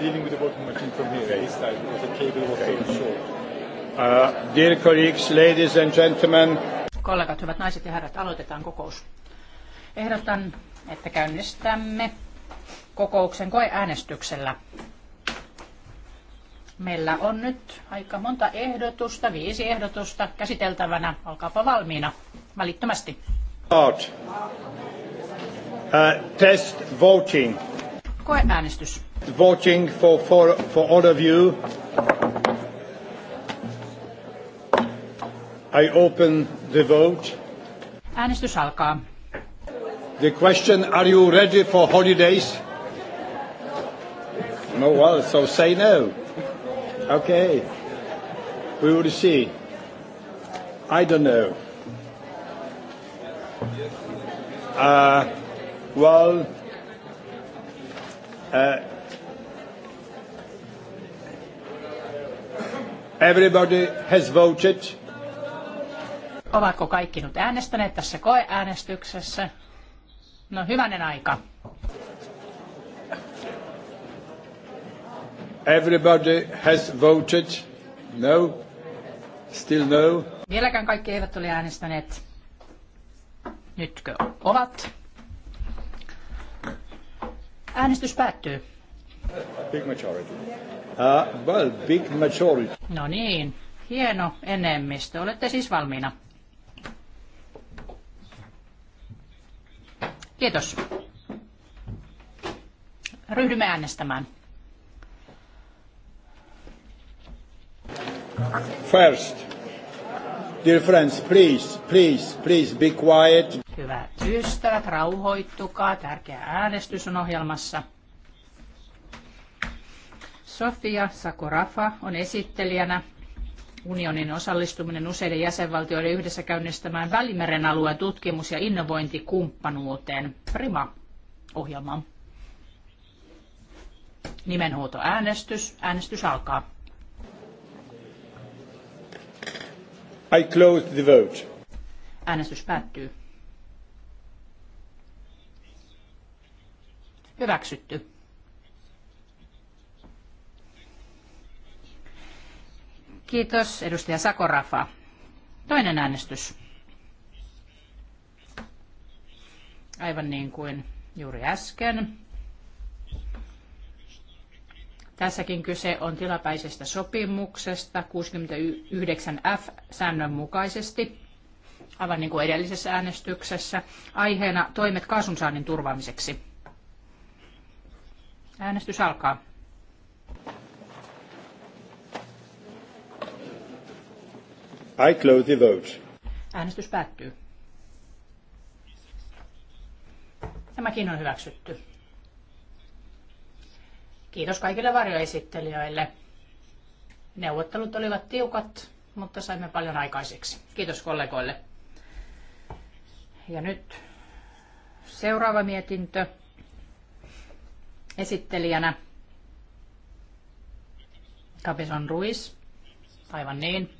dealing with the working machine from here this time because the cable was okay. so short. Uh, dear colleagues, ladies and gentlemen. Kollegat, hyvät naiset ja herrat, aloitetaan kokous. Ehdotan, että käynnistämme kokouksen koeäänestyksellä. Meillä on nyt aika monta ehdotusta, viisi ehdotusta käsiteltävänä. Olkaapa valmiina välittömästi. Uh, test voting. Koeäänestys. Voting for, for, for all of you. I open the vote. Äänestys alkaa. The question, are you ready for holidays? No, well, so say no. Okay. We will see. I don't know. Uh, well, uh, Everybody has voted. Ovatko kaikki nyt äänestäneet tässä koeäänestyksessä? No hyvänen aika. Everybody has voted. No. Still no. Vieläkään kaikki eivät ole äänestäneet. Nytkö ovat? Äänestys päättyy. Big majority. Uh, well, big majority. No niin, hieno enemmistö. Olette siis valmiina. Kiitos. Ryhdymme äänestämään. First, dear friends, please, please, please be quiet. Hyvät ystävät, rauhoittukaa. Tärkeä äänestys on ohjelmassa. Sofia Sakorafa on esittelijänä unionin osallistuminen useiden jäsenvaltioiden yhdessä käynnistämään Välimeren alueen tutkimus- ja innovointikumppanuuteen Prima-ohjelmaan. Nimenhuuto äänestys. Äänestys alkaa. I close the vote. Äänestys päättyy. Hyväksytty. Kiitos, edustaja Sakorafa. Toinen äänestys. Aivan niin kuin juuri äsken. Tässäkin kyse on tilapäisestä sopimuksesta 69F-säännön mukaisesti, aivan niin kuin edellisessä äänestyksessä, aiheena toimet kaasunsaannin turvaamiseksi. Äänestys alkaa. I close the vote. Äänestys päättyy. Tämäkin on hyväksytty. Kiitos kaikille varjoesittelijöille. Neuvottelut olivat tiukat, mutta saimme paljon aikaiseksi. Kiitos kollegoille. Ja nyt seuraava mietintö esittelijänä. Capison Ruiz. Aivan niin.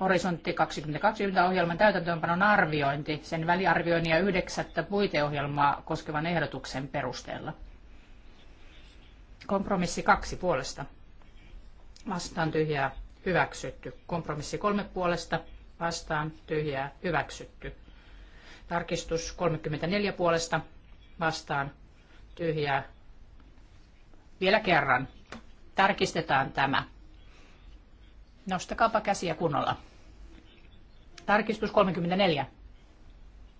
Horisontti 2020 ohjelman täytäntöönpanon arviointi sen väliarvioinnin ja yhdeksättä puiteohjelmaa koskevan ehdotuksen perusteella. Kompromissi kaksi puolesta. Vastaan tyhjää hyväksytty. Kompromissi kolme puolesta. Vastaan tyhjää hyväksytty. Tarkistus 34 puolesta. Vastaan tyhjää. Vielä kerran. Tarkistetaan tämä. Nostakaapa käsiä kunnolla. Tarkistus 34.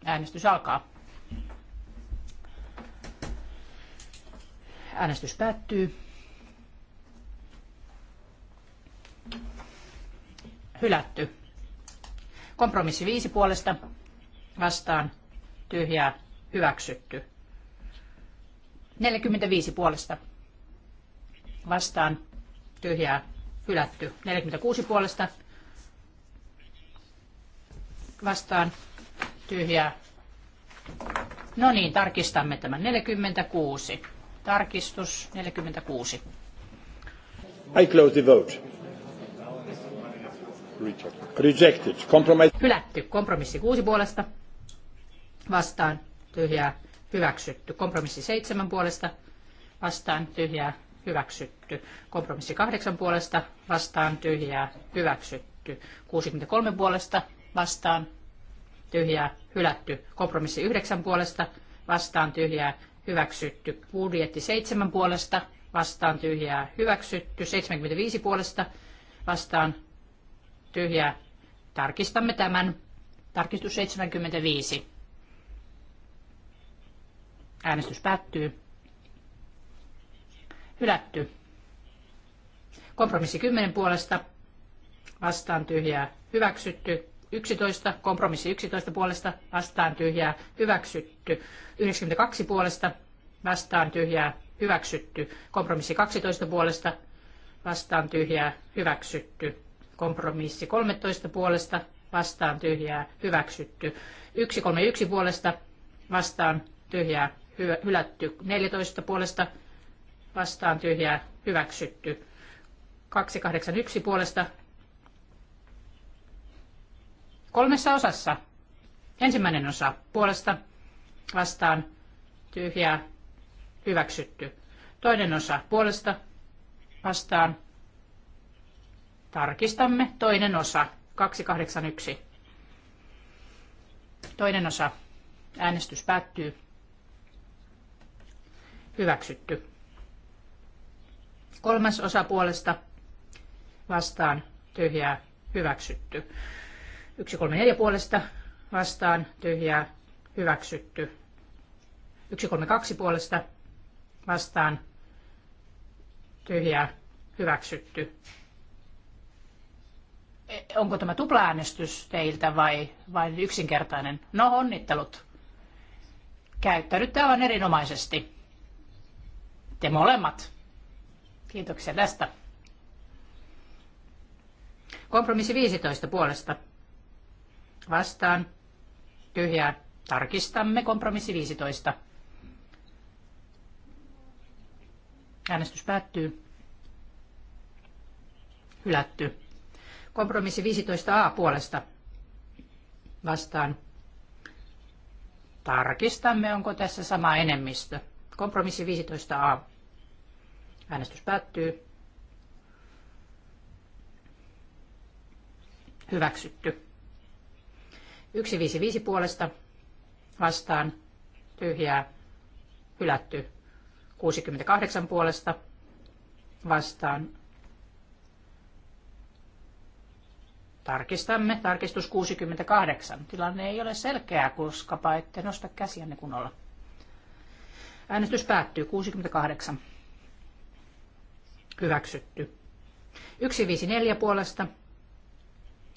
Äänestys alkaa. Äänestys päättyy. Hylätty. Kompromissi 5 puolesta vastaan tyhjää hyväksytty. 45 puolesta vastaan tyhjää hylätty. 46 puolesta vastaan tyhjää. No niin, tarkistamme tämän 46. Tarkistus 46. I close the vote. Rejected. Compromise. Hylätty. Kompromissi 6 puolesta. Vastaan tyhjää. Hyväksytty. Kompromissi 7 puolesta. Vastaan tyhjää. Hyväksytty. Kompromissi 8 puolesta. Vastaan tyhjää. Hyväksytty. 63 puolesta vastaan tyhjää hylätty. Kompromissi yhdeksän puolesta vastaan tyhjää hyväksytty. Budjetti seitsemän puolesta vastaan tyhjää hyväksytty. 75 puolesta vastaan tyhjää. Tarkistamme tämän. Tarkistus 75. Äänestys päättyy. Hylätty. Kompromissi 10 puolesta vastaan tyhjää hyväksytty. 11, kompromissi 11 puolesta, vastaan tyhjää, hyväksytty. 92 puolesta, vastaan tyhjää, hyväksytty. Kompromissi 12 puolesta, vastaan tyhjää, hyväksytty. Kompromissi 13 puolesta, vastaan tyhjää, hyväksytty. 131 puolesta, vastaan tyhjää, hylätty. 14 puolesta, vastaan tyhjää, hyväksytty. 281 puolesta, kolmessa osassa. Ensimmäinen osa puolesta vastaan tyhjää hyväksytty. Toinen osa puolesta vastaan tarkistamme. Toinen osa 281. Toinen osa äänestys päättyy. Hyväksytty. Kolmas osa puolesta vastaan tyhjää hyväksytty. 134 puolesta vastaan tyhjää hyväksytty. 132 puolesta vastaan tyhjää hyväksytty. E, onko tämä tuplaäänestys teiltä vai vain yksinkertainen? No onnittelut. Käyttäydytte aivan erinomaisesti. Te molemmat. Kiitoksia tästä. Kompromissi 15 puolesta vastaan, tyhjää. Tarkistamme kompromissi 15. Äänestys päättyy. Hylätty. Kompromissi 15a puolesta vastaan. Tarkistamme, onko tässä sama enemmistö. Kompromissi 15a. Äänestys päättyy. Hyväksytty. 155 puolesta vastaan tyhjää hylätty. 68 puolesta vastaan. Tarkistamme. Tarkistus 68. Tilanne ei ole selkeä, koska ette nosta käsiänne kunnolla. Äänestys päättyy. 68. Hyväksytty. 154 puolesta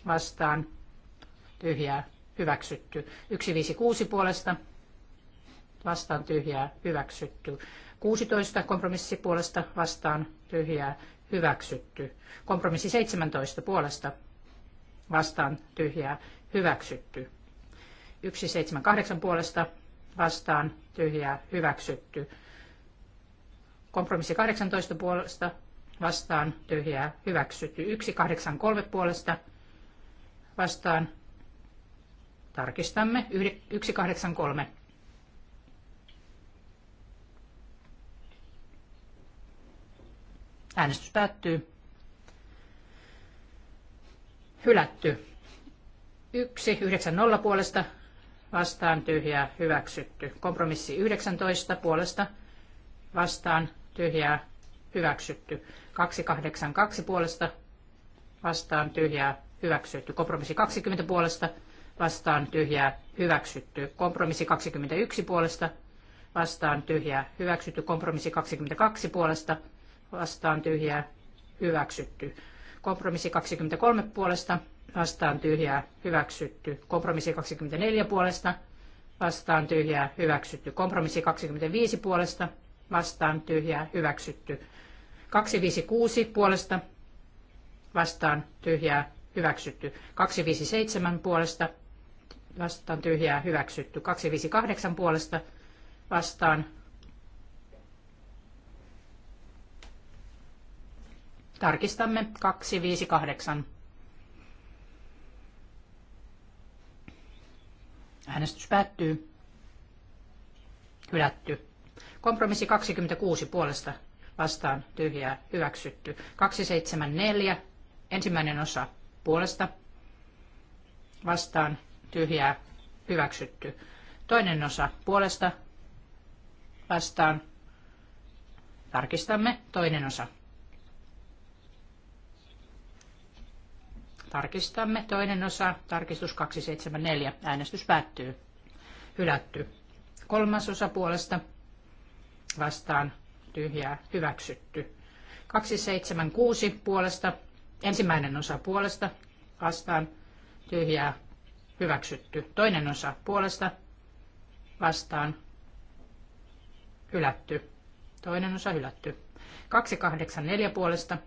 vastaan tyhjää hyväksytty. 156 puolesta vastaan tyhjää hyväksytty. 16 puolesta vastaan tyhjää hyväksytty. Kompromissi 17 puolesta vastaan tyhjää hyväksytty. 178 puolesta vastaan tyhjää hyväksytty. Kompromissi 18 puolesta vastaan tyhjää hyväksytty. 183 puolesta vastaan Tarkistamme 183. Äänestys päättyy. Hylätty. 1, 190 puolesta vastaan tyhjää hyväksytty. Kompromissi 19 puolesta vastaan tyhjää hyväksytty. 282 puolesta vastaan tyhjää hyväksytty. Kompromissi 20 puolesta vastaan tyhjää hyväksytty. Kompromissi 21 puolesta vastaan tyhjää hyväksytty. Kompromissi 22 puolesta vastaan tyhjää hyväksytty. Kompromissi 23 puolesta vastaan tyhjää hyväksytty. Kompromissi 24 puolesta vastaan tyhjää hyväksytty. Kompromissi 25 puolesta vastaan tyhjää hyväksytty. 256 puolesta vastaan tyhjää hyväksytty. 257 puolesta vastaan tyhjää hyväksytty. 258 puolesta vastaan Tarkistamme 258. Äänestys päättyy. Hylätty. Kompromissi 26 puolesta vastaan tyhjää hyväksytty. 274 ensimmäinen osa puolesta vastaan tyhjää hyväksytty. Toinen osa puolesta vastaan. Tarkistamme toinen osa. Tarkistamme toinen osa. Tarkistus 274. Äänestys päättyy. Hylätty. Kolmas osa puolesta vastaan tyhjää hyväksytty. 276 puolesta. Ensimmäinen osa puolesta vastaan tyhjää hyväksytty. Toinen osa puolesta vastaan hylätty. Toinen osa hylätty. 284 puolesta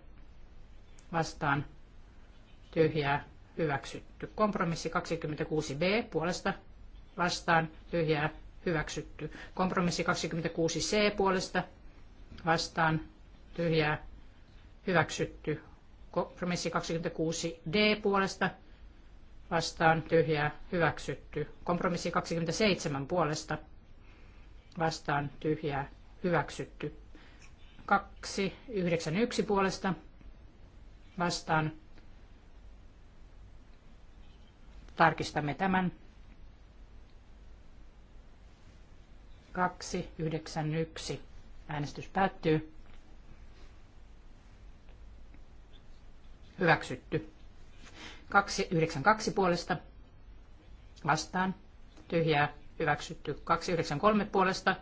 vastaan tyhjää hyväksytty. Kompromissi 26b puolesta vastaan tyhjää hyväksytty. Kompromissi 26c puolesta vastaan tyhjää hyväksytty. Kompromissi 26d puolesta vastaan tyhjää hyväksytty. Kompromissi 27 puolesta vastaan tyhjää hyväksytty. 291 puolesta vastaan. Tarkistamme tämän. 291. Äänestys päättyy. Hyväksytty. 292 puolesta vastaan. Tyhjää hyväksytty 293 puolesta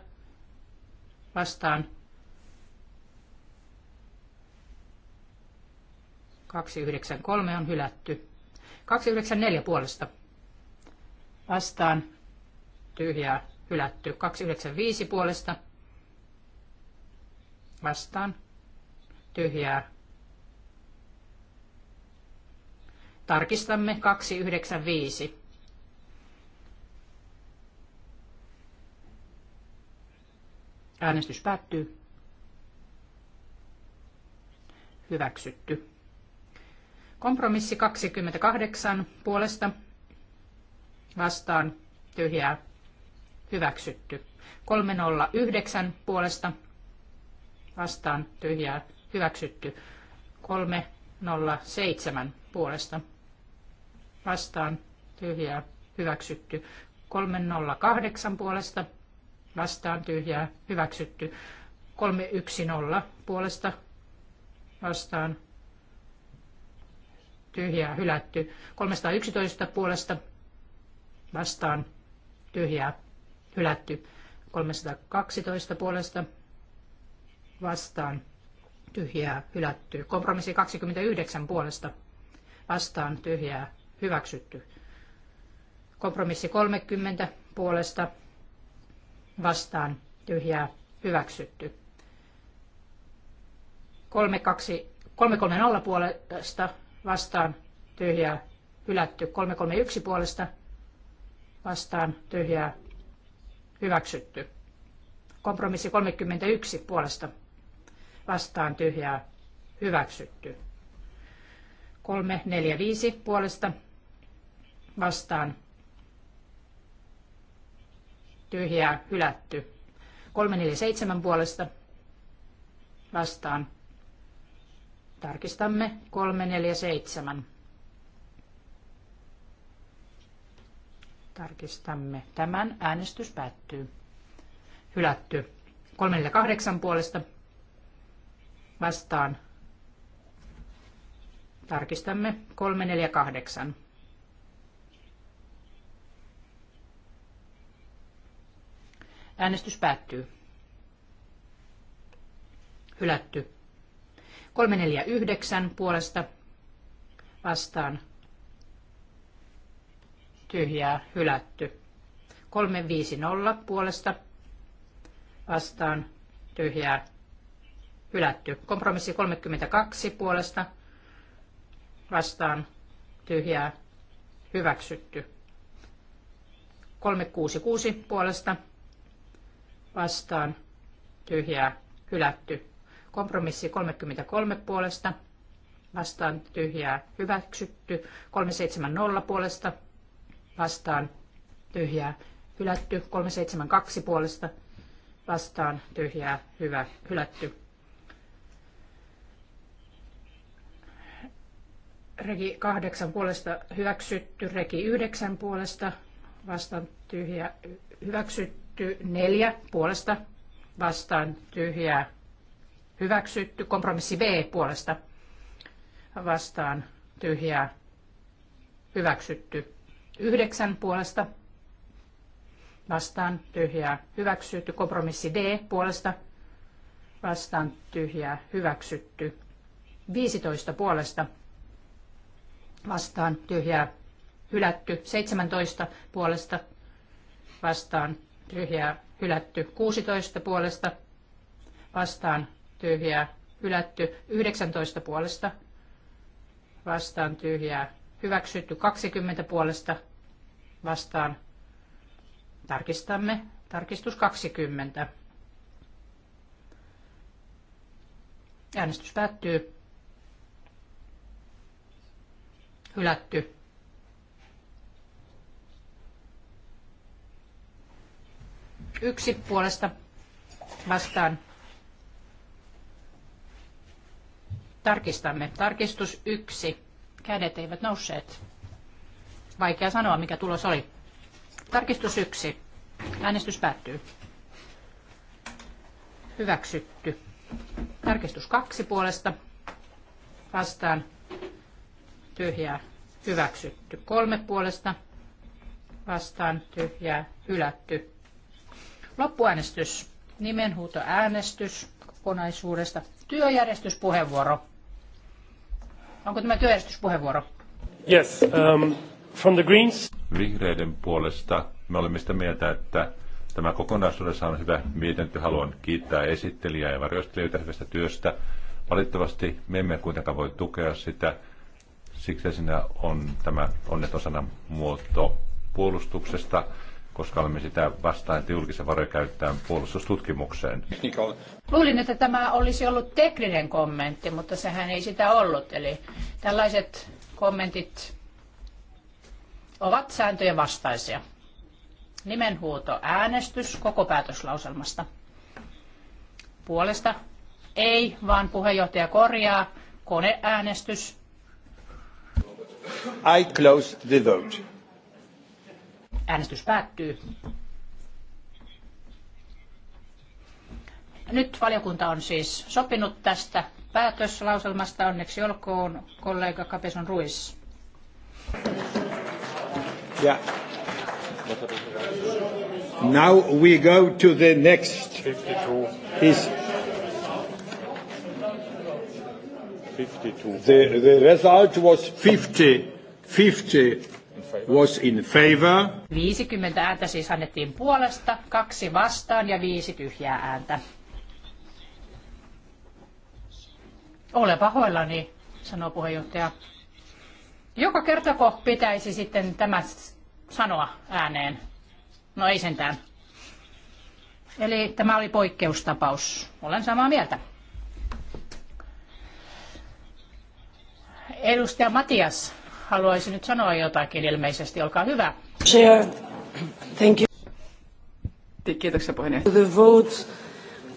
vastaan. 293 on hylätty. 294 puolesta vastaan. Tyhjää hylätty. 295 puolesta vastaan. Tyhjää Tarkistamme 295. Äänestys päättyy. Hyväksytty. Kompromissi 28 puolesta vastaan tyhjää hyväksytty. 309 puolesta vastaan tyhjää hyväksytty. 307 puolesta vastaan tyhjää hyväksytty. 308 puolesta vastaan tyhjää hyväksytty. 310 puolesta vastaan tyhjää hylätty. 311 puolesta vastaan tyhjää hylätty. 312 puolesta vastaan tyhjää hylätty. Kompromissi 29 puolesta vastaan tyhjää hyväksytty. Kompromissi 30 puolesta vastaan tyhjää hyväksytty. 330 puolesta vastaan tyhjää hylätty. 331 puolesta vastaan tyhjää hyväksytty. Kompromissi 31 puolesta vastaan tyhjää hyväksytty. 345 puolesta vastaan tyhjää hylätty. 347 puolesta vastaan. Tarkistamme 347. Tarkistamme. Tämän äänestys päättyy. Hylätty. 348 puolesta vastaan. Tarkistamme 348. Äänestys päättyy. Hylätty. 349 puolesta vastaan. Tyhjää. Hylätty. 350 puolesta vastaan. Tyhjää. Hylätty. Kompromissi 32 puolesta vastaan. Tyhjää. Hyväksytty. 366 puolesta vastaan tyhjää hylätty. Kompromissi 33 puolesta vastaan tyhjää hyväksytty. 370 puolesta vastaan tyhjää hylätty. 372 puolesta vastaan tyhjää hyvä hylätty. Regi 8 puolesta hyväksytty, regi 9 puolesta vastaan tyhjä hyväksytty ty, neljä puolesta vastaan tyhjää hyväksytty, kompromissi B puolesta vastaan tyhjää hyväksytty, yhdeksän puolesta vastaan tyhjää hyväksytty, kompromissi D puolesta vastaan tyhjää hyväksytty, 15 puolesta vastaan tyhjää hylätty, 17 puolesta vastaan tyhjää hylätty 16 puolesta, vastaan tyhjää hylätty 19 puolesta, vastaan tyhjää hyväksytty 20 puolesta, vastaan tarkistamme tarkistus 20. Äänestys päättyy. Hylätty yksi puolesta vastaan. Tarkistamme. Tarkistus yksi. Kädet eivät nousseet. Vaikea sanoa, mikä tulos oli. Tarkistus yksi. Äänestys päättyy. Hyväksytty. Tarkistus kaksi puolesta. Vastaan. Tyhjää. Hyväksytty. Kolme puolesta. Vastaan. Tyhjää. Hylätty. Loppuäänestys, nimenhuutoäänestys kokonaisuudesta. Työjärjestyspuheenvuoro. Onko tämä työjärjestyspuheenvuoro? Yes, um, from the Greens. Vihreiden puolesta me olemme sitä mieltä, että tämä kokonaisuudessa on hyvä mietintö. Haluan kiittää esittelijää ja varjostelijoita hyvästä työstä. Valitettavasti me emme kuitenkaan voi tukea sitä. Siksi siinä on tämä onneton sanamuoto puolustuksesta koska olemme sitä vastaan, että julkisen varoja käyttää puolustustutkimukseen. Luulin, että tämä olisi ollut tekninen kommentti, mutta sehän ei sitä ollut. Eli tällaiset kommentit ovat sääntöjen vastaisia. Nimenhuuto äänestys koko päätöslauselmasta. Puolesta ei, vaan puheenjohtaja korjaa koneäänestys. I close the vote. Äänestys päättyy. Nyt valiokunta on siis sopinut tästä päätöslauselmasta. Onneksi olkoon kollega Kapeson Ruiz. Yeah. Now we go to the next. 52. Is 52. The, the result was 50, 50 was in favor. 50 ääntä siis annettiin puolesta, kaksi vastaan ja viisi tyhjää ääntä. Ole pahoillani, sanoo puheenjohtaja. Joka kertako pitäisi sitten tämä sanoa ääneen? No ei sentään. Eli tämä oli poikkeustapaus. Olen samaa mieltä. Edustaja Matias haluaisi nyt sanoa jotakin ilmeisesti. Olkaa hyvä. Chair, thank you. Kiitoksia The votes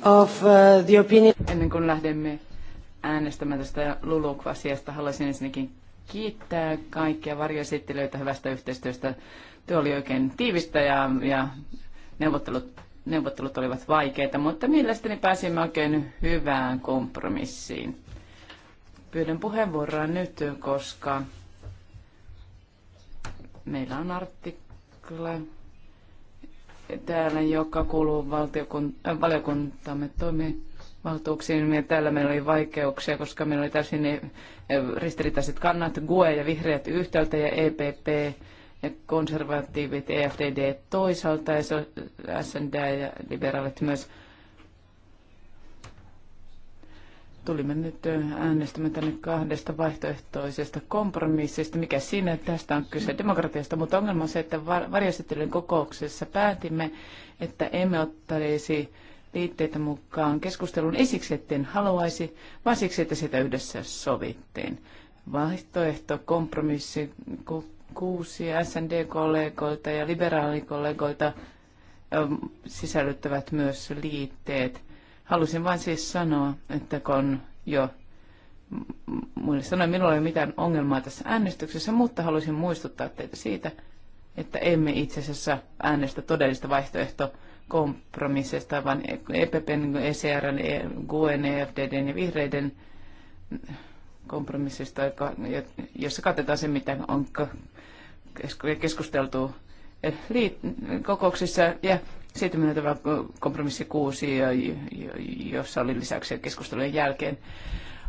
of uh, the opinion. Ennen kuin lähdemme äänestämään tästä Luluk-asiasta, haluaisin ensinnäkin kiittää kaikkia varjoesittelijöitä hyvästä yhteistyöstä. Työ oli oikein tiivistä ja, ja neuvottelut, neuvottelut olivat vaikeita, mutta mielestäni pääsimme oikein hyvään kompromissiin. Pyydän puheenvuoroa nyt, koska Meillä on artikla täällä, joka kuuluu valtiokun- äh, valiokuntamme toimivaltuuksiin. Täällä meillä oli vaikeuksia, koska meillä oli täysin äh, ristiriitaiset kannat, GUE ja vihreät yhtäältä ja EPP ja konservatiivit EFDD toisaalta ja SND ja liberaalit myös Tulimme nyt äänestämään tänne kahdesta vaihtoehtoisesta kompromissista. Mikä siinä tästä on kyse demokratiasta, mutta ongelma on se, että varjostettelun kokouksessa päätimme, että emme ottaisi liitteitä mukaan keskustelun esiksi, etten haluaisi, vaan siksi, että sitä yhdessä sovittiin. Vaihtoehto, kompromissi, kuusi SND-kollegoilta ja liberaalikollegoilta sisällyttävät myös liitteet. Halusin vain siis sanoa, että kun jo muille sanoin, minulla ei ole mitään ongelmaa tässä äänestyksessä, mutta halusin muistuttaa teitä siitä, että emme itse asiassa äänestä todellista vaihtoehtoa kompromisseista, vaan EPPn, ECR, GUEN, EFDD e ja vihreiden kompromissista, jossa katsotaan se, mitä on keskusteltu kokouksissa ja sitten tämä kompromissi 6, jossa oli lisäksi keskustelujen jälkeen.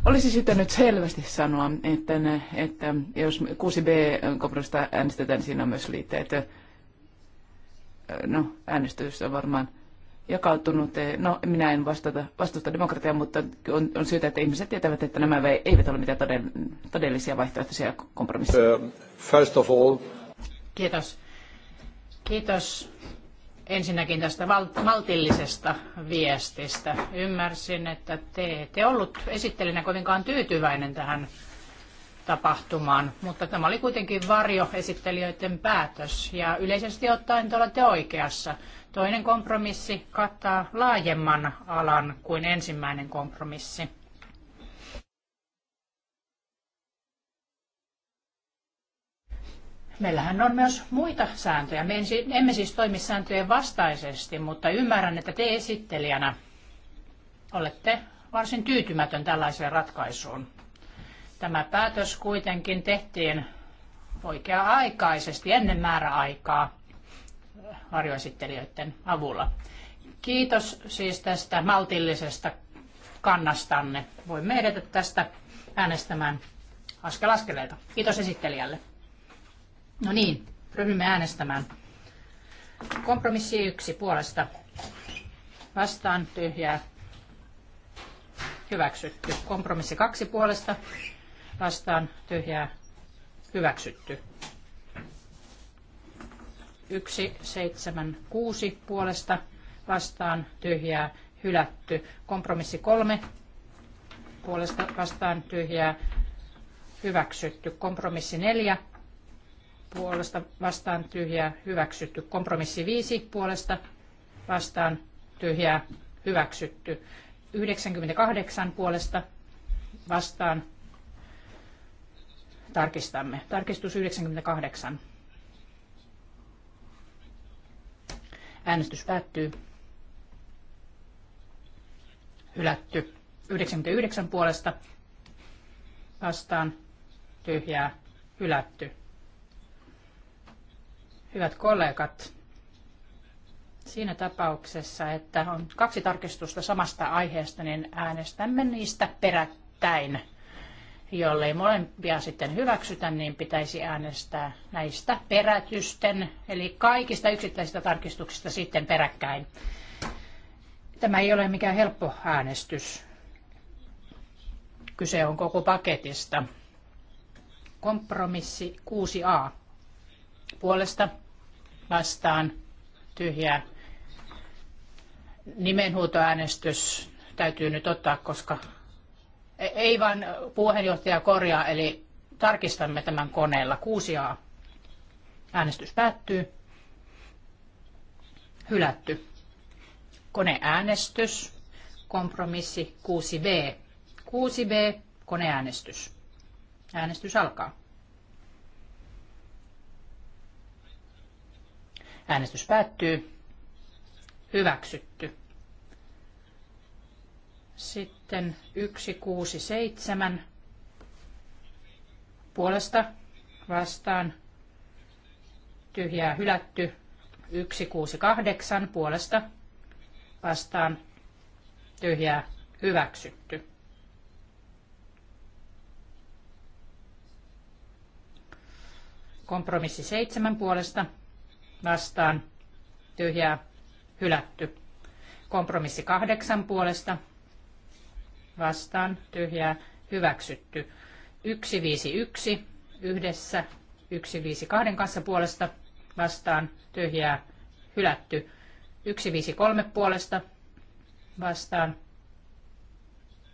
Olisi sitä nyt selvästi sanoa, että, että jos 6b-kompromista äänestetään, siinä on myös liitteet. No, äänestys on varmaan jakautunut. No, minä en vastata, vastusta demokratiaa, mutta on, on syytä, että ihmiset tietävät, että nämä eivät ole mitään todellisia vaihtoehtoisia kompromisseja. Um, first of all. Kiitos. Kiitos ensinnäkin tästä maltillisesta viestistä. Ymmärsin, että te ette ollut esittelinä kovinkaan tyytyväinen tähän tapahtumaan, mutta tämä oli kuitenkin varjo esittelijöiden päätös ja yleisesti ottaen te olette oikeassa. Toinen kompromissi kattaa laajemman alan kuin ensimmäinen kompromissi. Meillähän on myös muita sääntöjä. Me emme siis toimi sääntöjen vastaisesti, mutta ymmärrän, että te esittelijänä olette varsin tyytymätön tällaiseen ratkaisuun. Tämä päätös kuitenkin tehtiin oikea-aikaisesti ennen määräaikaa varjoesittelijöiden avulla. Kiitos siis tästä maltillisesta kannastanne. Voimme edetä tästä äänestämään askel askeleita. Kiitos esittelijälle. No niin, ryhdymme äänestämään. Kompromissi yksi puolesta. Vastaan tyhjää. Hyväksytty. Kompromissi kaksi puolesta. Vastaan tyhjää. Hyväksytty. yksi seitsemän, kuusi puolesta vastaan tyhjää hylätty. Kompromissi kolme puolesta vastaan tyhjää hyväksytty. Kompromissi neljä puolesta vastaan tyhjää hyväksytty. Kompromissi 5 puolesta vastaan tyhjää hyväksytty. 98 puolesta vastaan tarkistamme. Tarkistus 98. Äänestys päättyy. Hylätty. 99 puolesta vastaan tyhjää hylätty. Hyvät kollegat, siinä tapauksessa, että on kaksi tarkistusta samasta aiheesta, niin äänestämme niistä perättäin. Jollei molempia sitten hyväksytä, niin pitäisi äänestää näistä perätysten, eli kaikista yksittäisistä tarkistuksista sitten peräkkäin. Tämä ei ole mikään helppo äänestys. Kyse on koko paketista. Kompromissi 6a puolesta vastaan tyhjää. Nimenhuutoäänestys täytyy nyt ottaa, koska e- ei vaan puheenjohtaja korjaa, eli tarkistamme tämän koneella. 6a. Äänestys päättyy. Hylätty. Koneäänestys. Kompromissi 6b. 6b. Koneäänestys. Äänestys alkaa. Äänestys päättyy. Hyväksytty. Sitten 167 puolesta vastaan tyhjää hylätty 168 puolesta vastaan tyhjää hyväksytty. Kompromissi 7 puolesta vastaan tyhjää hylätty. Kompromissi kahdeksan puolesta vastaan tyhjää hyväksytty. 151 yhdessä 152 kanssa puolesta vastaan tyhjää hylätty. 153 puolesta vastaan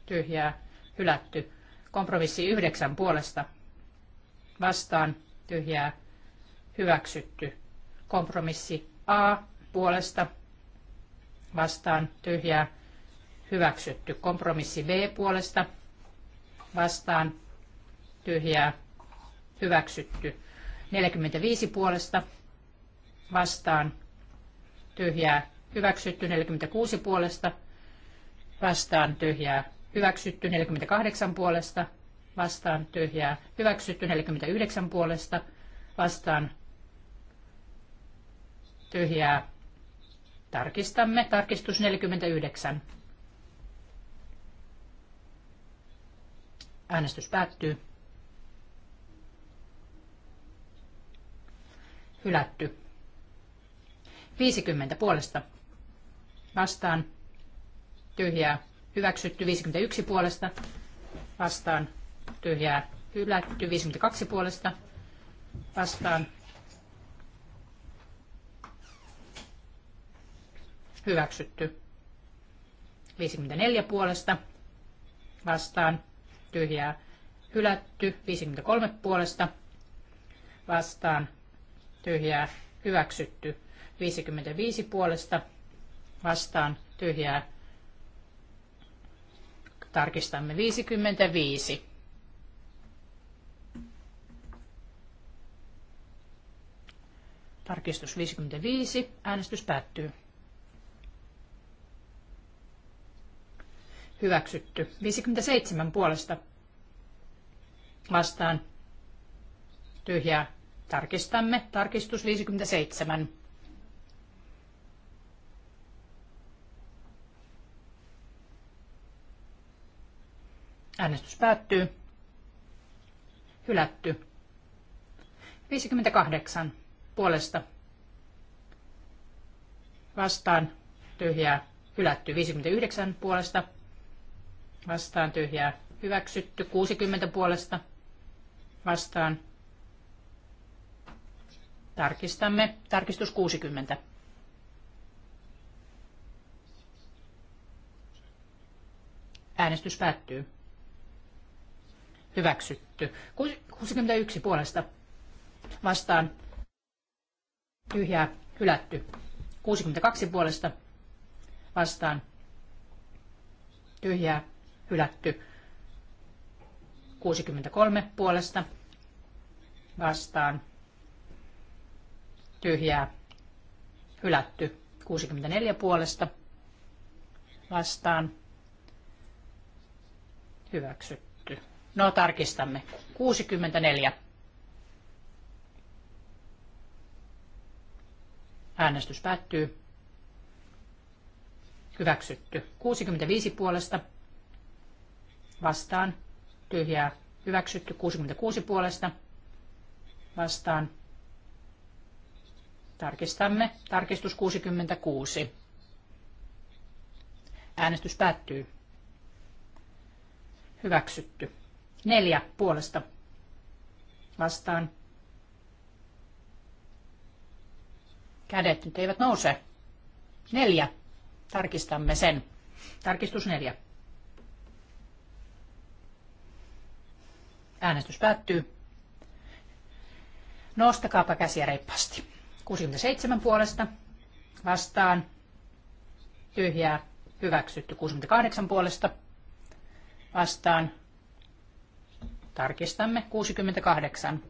tyhjää hylätty. Kompromissi yhdeksän puolesta vastaan tyhjää hyväksytty. Kompromissi A puolesta vastaan tyhjää hyväksytty. Kompromissi B puolesta vastaan tyhjää hyväksytty. 45 puolesta vastaan tyhjää hyväksytty. 46 puolesta vastaan tyhjää hyväksytty. 48 puolesta vastaan tyhjää hyväksytty. 49 puolesta vastaan tyhjää. Tarkistamme. Tarkistus 49. Äänestys päättyy. Hylätty. 50 puolesta. Vastaan. Tyhjää. Hyväksytty 51 puolesta. Vastaan. Tyhjää. Hylätty 52 puolesta. Vastaan. Hyväksytty. 54 puolesta vastaan. Tyhjää. Hylätty. 53 puolesta vastaan. Tyhjää. Hyväksytty. 55 puolesta vastaan. Tyhjää. Tarkistamme 55. Tarkistus 55. Äänestys päättyy. hyväksytty. 57 puolesta vastaan tyhjää. Tarkistamme. Tarkistus 57. Äänestys päättyy. Hylätty. 58 puolesta vastaan tyhjää hylätty 59 puolesta vastaan tyhjää hyväksytty. 60 puolesta vastaan tarkistamme. Tarkistus 60. Äänestys päättyy. Hyväksytty. 61 puolesta vastaan tyhjää hylätty. 62 puolesta vastaan tyhjää hylätty. 63 puolesta vastaan tyhjää hylätty. 64 puolesta vastaan hyväksytty. No tarkistamme. 64. Äänestys päättyy. Hyväksytty. 65 puolesta vastaan, tyhjää, hyväksytty 66 puolesta, vastaan, tarkistamme, tarkistus 66. Äänestys päättyy. Hyväksytty. Neljä puolesta. Vastaan. Kädet nyt eivät nouse. Neljä. Tarkistamme sen. Tarkistus neljä. Äänestys päättyy. Nostakaapa käsiä reippaasti. 67 puolesta vastaan. Tyhjää hyväksytty. 68 puolesta vastaan. Tarkistamme 68.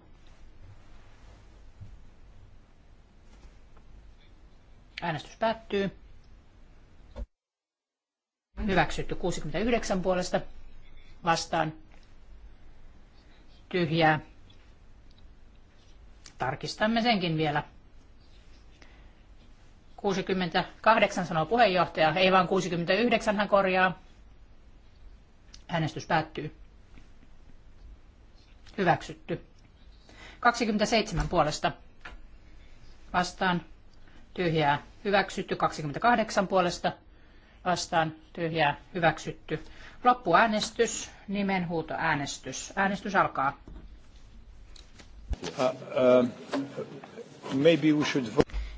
Äänestys päättyy. Hyväksytty 69 puolesta vastaan tyhjää. Tarkistamme senkin vielä. 68 sanoo puheenjohtaja, ei vaan 69 hän korjaa. Äänestys päättyy. Hyväksytty. 27 puolesta. Vastaan. Tyhjää. Hyväksytty. 28 puolesta vastaan tyhjää hyväksytty. Loppuäänestys, nimenhuutoäänestys. Äänestys alkaa. Uh, uh, maybe we should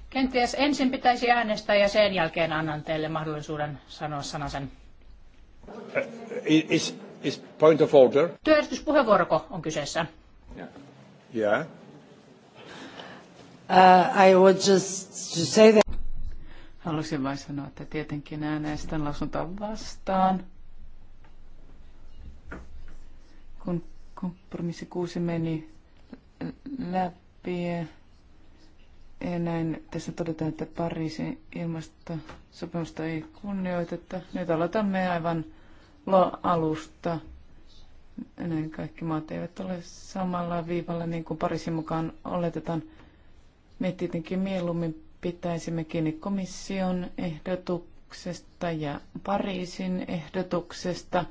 Kenties ensin pitäisi äänestää ja sen jälkeen annan teille mahdollisuuden sanoa sanasen. Uh, is, is point of order. Työjärjestyspuheenvuoroko on kyseessä? Yeah. yeah. Uh, I would just to say that Haluaisin vain sanoa, että tietenkin äänestän lausuntoa vastaan. Kun kompromissi 6 meni läpi, ja näin tässä todetaan, että Pariisin ilmastosopimusta ei kunnioiteta. Nyt aloitamme aivan alusta. Näin kaikki maat eivät ole samalla viivalla niin kuin Pariisin mukaan oletetaan. Me tietenkin mieluummin pitäisimme kiinni komission ehdotuksesta ja Pariisin ehdotuksesta.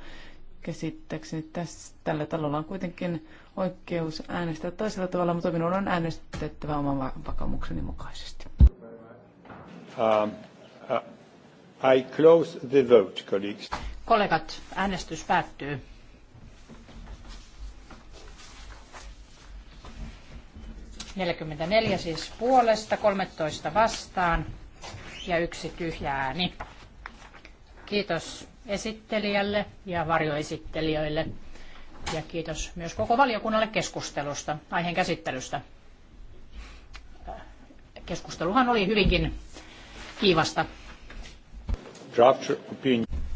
Käsittääkseni tässä, tällä talolla on kuitenkin oikeus äänestää toisella tavalla, mutta minun on äänestettävä oman vakaumukseni mukaisesti. Um, uh, I close the vote, colleagues. Kollegat, äänestys päättyy. 44 siis puolesta, 13 vastaan ja yksi tyhjä ääni. Kiitos esittelijälle ja varjoesittelijöille ja kiitos myös koko valiokunnalle keskustelusta, aiheen käsittelystä. Keskusteluhan oli hyvinkin kiivasta.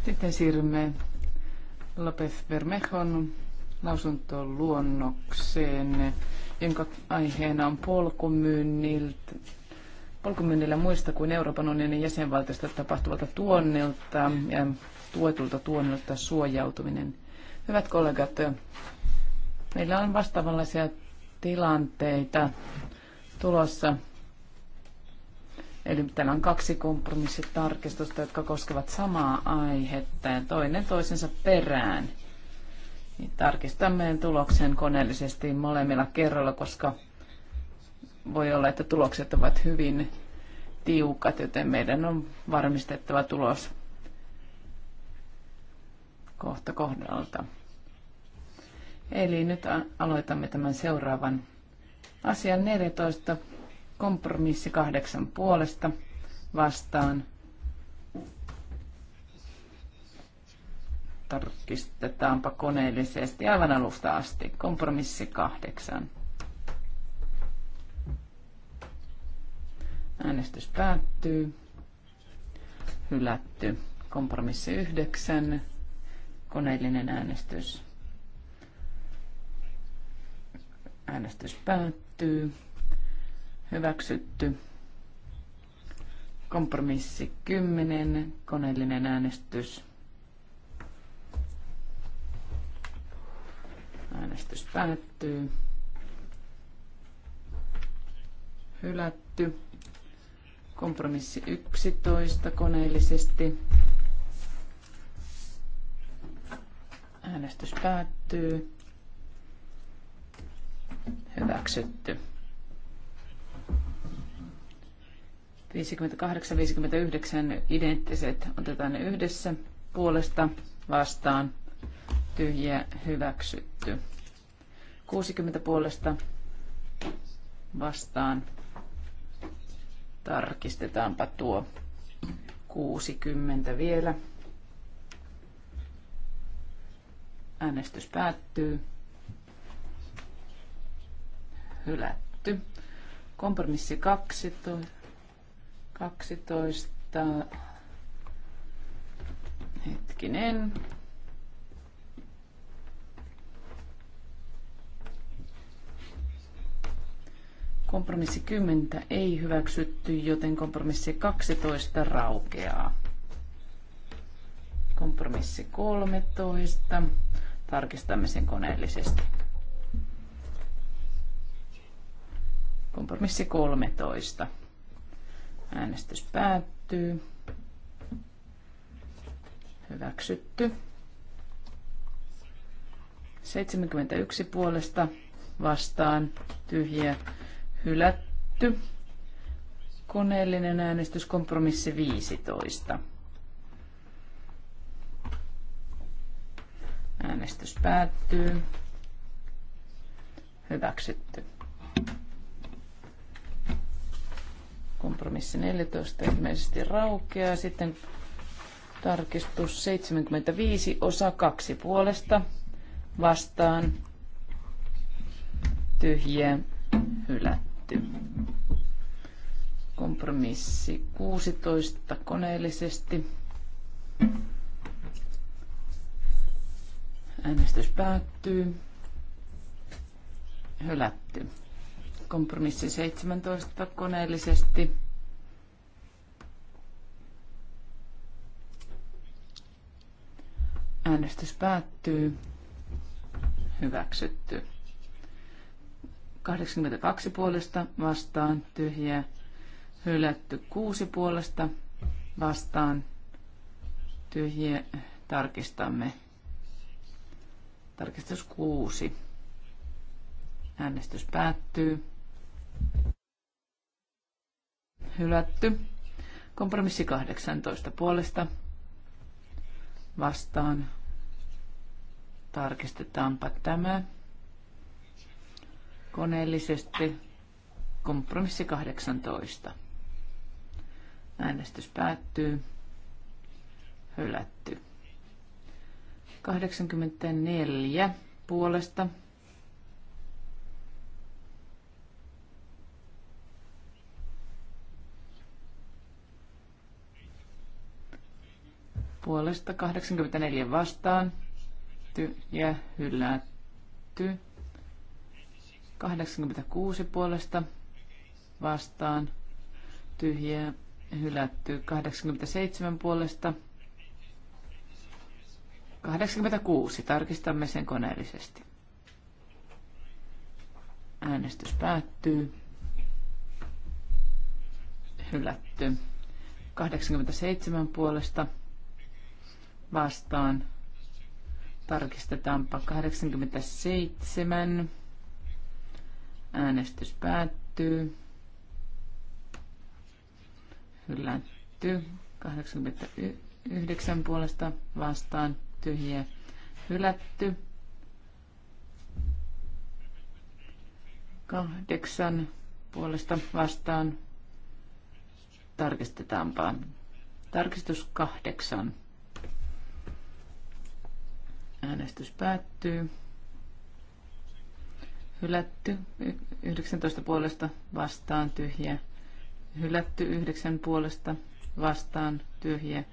Sitten siirrymme Lopez Bermejon lausuntoluonnokseen. luonnokseen jonka aiheena on polkumyynnillä muista kuin Euroopan unionin jäsenvaltiosta tapahtuvalta tuonnilta ja tuetulta tuonnilta suojautuminen. Hyvät kollegat, meillä on vastaavanlaisia tilanteita tulossa. Eli täällä on kaksi kompromissitarkistusta, jotka koskevat samaa aihetta ja toinen toisensa perään. Niin tarkistamme tuloksen koneellisesti molemmilla kerralla, koska voi olla, että tulokset ovat hyvin tiukat, joten meidän on varmistettava tulos kohta kohdalta. Eli nyt aloitamme tämän seuraavan asian 14, kompromissi kahdeksan puolesta vastaan tarkistetaanpa koneellisesti aivan alusta asti. Kompromissi kahdeksan. Äänestys päättyy. Hylätty. Kompromissi yhdeksän. Koneellinen äänestys. Äänestys päättyy. Hyväksytty. Kompromissi 10. Koneellinen äänestys. Äänestys päättyy. Hylätty. Kompromissi 11 koneellisesti. Äänestys päättyy. Hyväksytty. 58-59 identtiset otetaan ne yhdessä puolesta vastaan tyhjiä hyväksytty. 60 puolesta vastaan. Tarkistetaanpa tuo 60 vielä. Äänestys päättyy. Hylätty. Kompromissi 12. 12. Hetkinen. Kompromissi 10 ei hyväksytty, joten kompromissi 12 raukeaa. Kompromissi 13. Tarkistamme sen koneellisesti. Kompromissi 13. Äänestys päättyy. Hyväksytty. 71 puolesta vastaan tyhjä. Hylätty. Koneellinen äänestys kompromissi 15. Äänestys päättyy. Hyväksytty. Kompromissi 14 ilmeisesti raukeaa. Sitten tarkistus 75 osa 2 puolesta vastaan tyhjä hylätty hylätty. Kompromissi 16 koneellisesti. Äänestys päättyy. Hylätty. Kompromissi 17 koneellisesti. Äänestys päättyy. Hyväksytty. 82 puolesta vastaan tyhjä Hylätty 6 puolesta vastaan tyhjä Tarkistamme. Tarkistus 6. Äänestys päättyy. Hylätty. Kompromissi 18 puolesta vastaan. Tarkistetaanpa tämä koneellisesti kompromissi 18. Äänestys päättyy. Hylätty. 84 puolesta. Puolesta 84 vastaan. Ty ja hylätty. 86 puolesta vastaan tyhjää hylätty. 87 puolesta 86. Tarkistamme sen koneellisesti. Äänestys päättyy. Hylätty. 87 puolesta vastaan. Tarkistetaanpa 87. Äänestys päättyy. Hylätty. 89 puolesta vastaan tyhjiä. Hylätty. Kahdeksan puolesta vastaan. Tarkistetaanpa. Tarkistus 8. Äänestys päättyy hylätty 19 puolesta vastaan tyhjä, hylätty 9 puolesta vastaan tyhjä,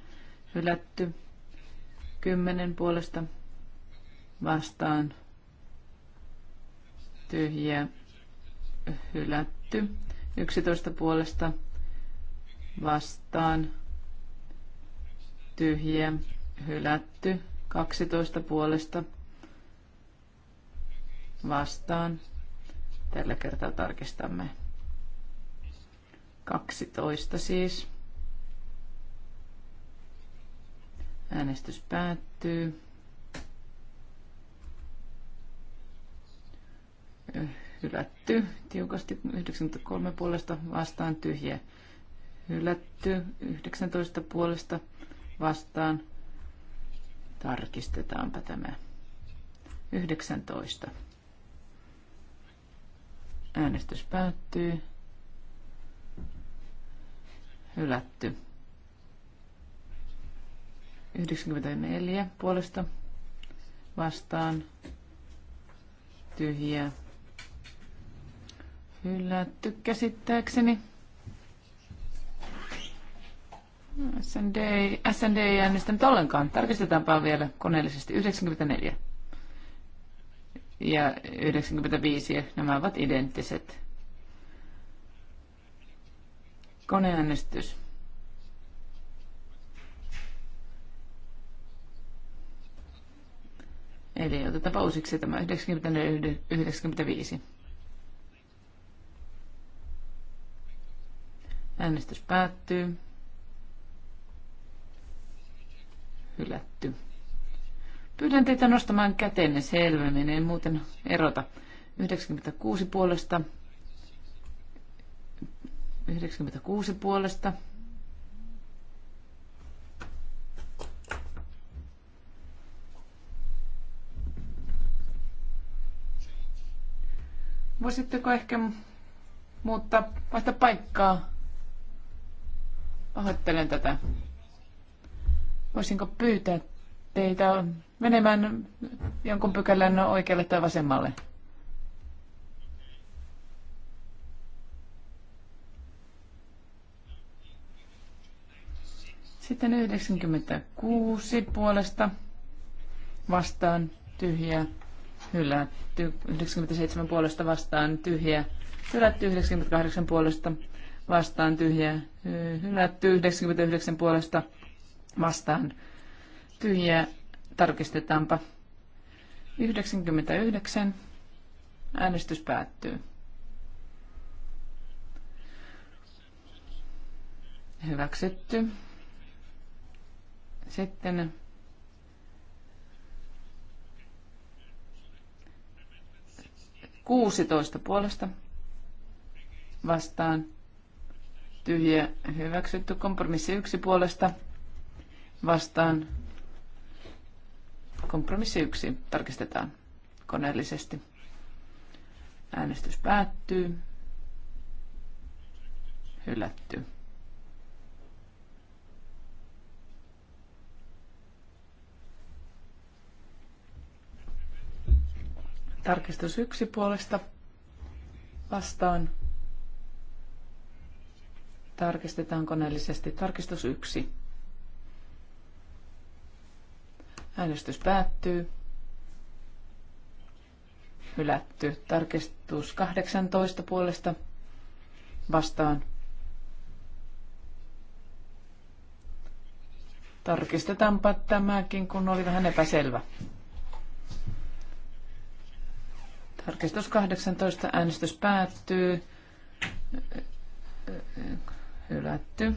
hylätty 10 puolesta vastaan tyhjä, hylätty 11 puolesta vastaan tyhjä, hylätty 12 puolesta vastaan vastaan. Tällä kertaa tarkistamme 12 siis. Äänestys päättyy. Hylätty tiukasti 93 puolesta vastaan tyhjä. Hylätty 19 puolesta vastaan. Tarkistetaanpa tämä 19. Äänestys päättyy. Hylätty. 94 puolesta vastaan. Tyhjä. Hylätty käsittääkseni. SND, SND ei äänestänyt ollenkaan. Tarkistetaanpa vielä koneellisesti. 94 ja 95. Nämä ovat identtiset. Koneäänestys. Eli otetaan pausiksi tämä 95. Äänestys päättyy. Hylätty. Pyydän teitä nostamaan kätenne selvemmin, en muuten erota. 96 puolesta. 96 puolesta. Voisitteko ehkä muuttaa vaihtaa paikkaa? Pahoittelen tätä. Voisinko pyytää teitä menemään jonkun pykälän oikealle tai vasemmalle. Sitten 96 puolesta vastaan tyhjä, hylätty. 97 puolesta vastaan tyhjä, hylätty. 98 puolesta vastaan tyhjä, hylätty. 99 puolesta vastaan tyhjä, Tarkistetaanpa. 99. Äänestys päättyy. Hyväksytty. Sitten kuusitoista puolesta vastaan tyhjä hyväksytty kompromissi yksi puolesta vastaan Kompromissi yksi tarkistetaan koneellisesti. Äänestys päättyy. Hylätty. Tarkistus yksi puolesta vastaan. Tarkistetaan koneellisesti. Tarkistus yksi. Äänestys päättyy. Hylätty. Tarkistus 18 puolesta vastaan. Tarkistetaanpa tämäkin, kun oli vähän epäselvä. Tarkistus 18, äänestys päättyy. Hylätty.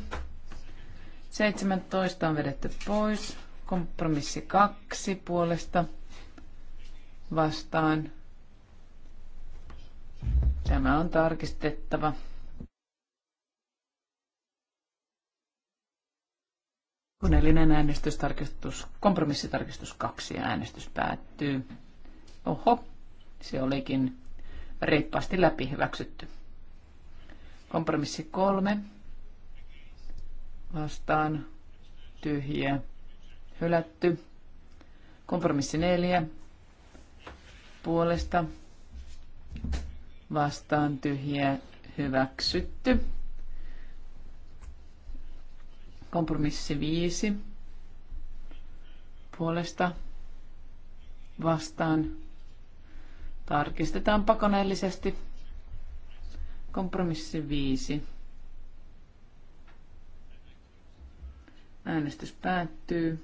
17 on vedetty pois. Kompromissi kaksi puolesta vastaan. Tämä on tarkistettava. Koneellinen äänestystarkistus, kompromissitarkistus 2 äänestys päättyy. Oho, se olikin reippaasti läpi hyväksytty. Kompromissi kolme vastaan tyhjä hylätty. Kompromissi neljä puolesta vastaan tyhjä hyväksytty. Kompromissi viisi puolesta vastaan tarkistetaan pakoneellisesti. Kompromissi viisi. Äänestys päättyy.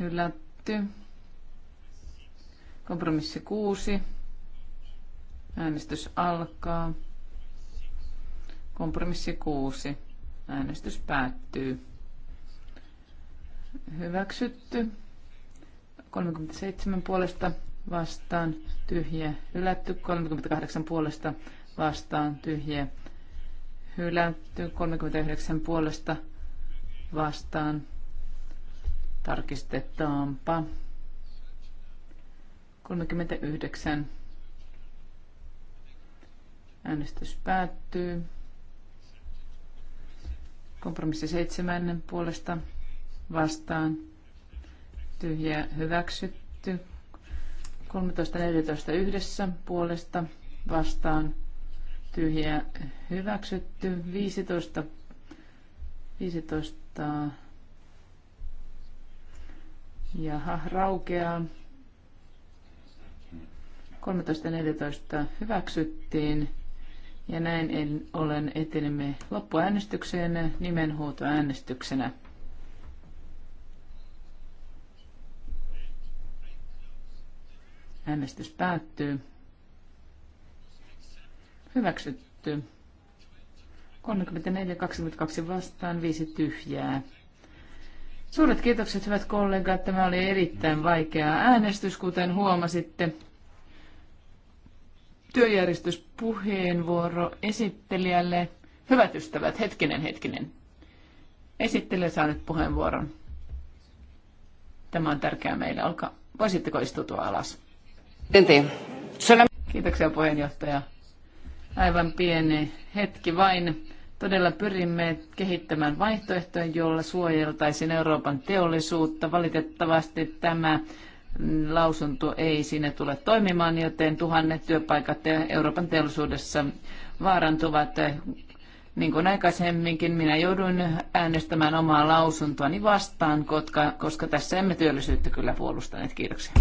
Hylätty. Kompromissi 6. Äänestys alkaa. Kompromissi 6. Äänestys päättyy. Hyväksytty. 37 puolesta vastaan tyhjä hylätty. 38 puolesta vastaan tyhjä hylätty. 39 puolesta vastaan Tarkistetaanpa. 39. Äänestys päättyy. Kompromissi seitsemännen puolesta vastaan. Tyhjä hyväksytty. 13.14 yhdessä puolesta vastaan. Tyhjä hyväksytty. 15, 15 Jaha, raukeaa. 13.14 hyväksyttiin. Ja näin en, olen etenemme loppuäänestykseen nimenhuutoäänestyksenä. Äänestys päättyy. Hyväksytty. 34.22 vastaan, 5 tyhjää. Suuret kiitokset, hyvät kollegat. Tämä oli erittäin vaikea äänestys, kuten huomasitte. Työjärjestyspuheenvuoro esittelijälle. Hyvät ystävät, hetkinen, hetkinen. Esittelijä saa nyt puheenvuoron. Tämä on tärkeää meille. Olkaa, voisitteko istutua alas? Kiitoksia puheenjohtaja. Aivan pieni hetki vain. Todella pyrimme kehittämään vaihtoehtoja, jolla suojeltaisiin Euroopan teollisuutta. Valitettavasti tämä lausunto ei sinne tule toimimaan, joten tuhannet työpaikat Euroopan teollisuudessa vaarantuvat. Niin kuin aikaisemminkin, minä joudun äänestämään omaa lausuntoani vastaan, koska, koska tässä emme työllisyyttä kyllä puolustaneet. Kiitoksia.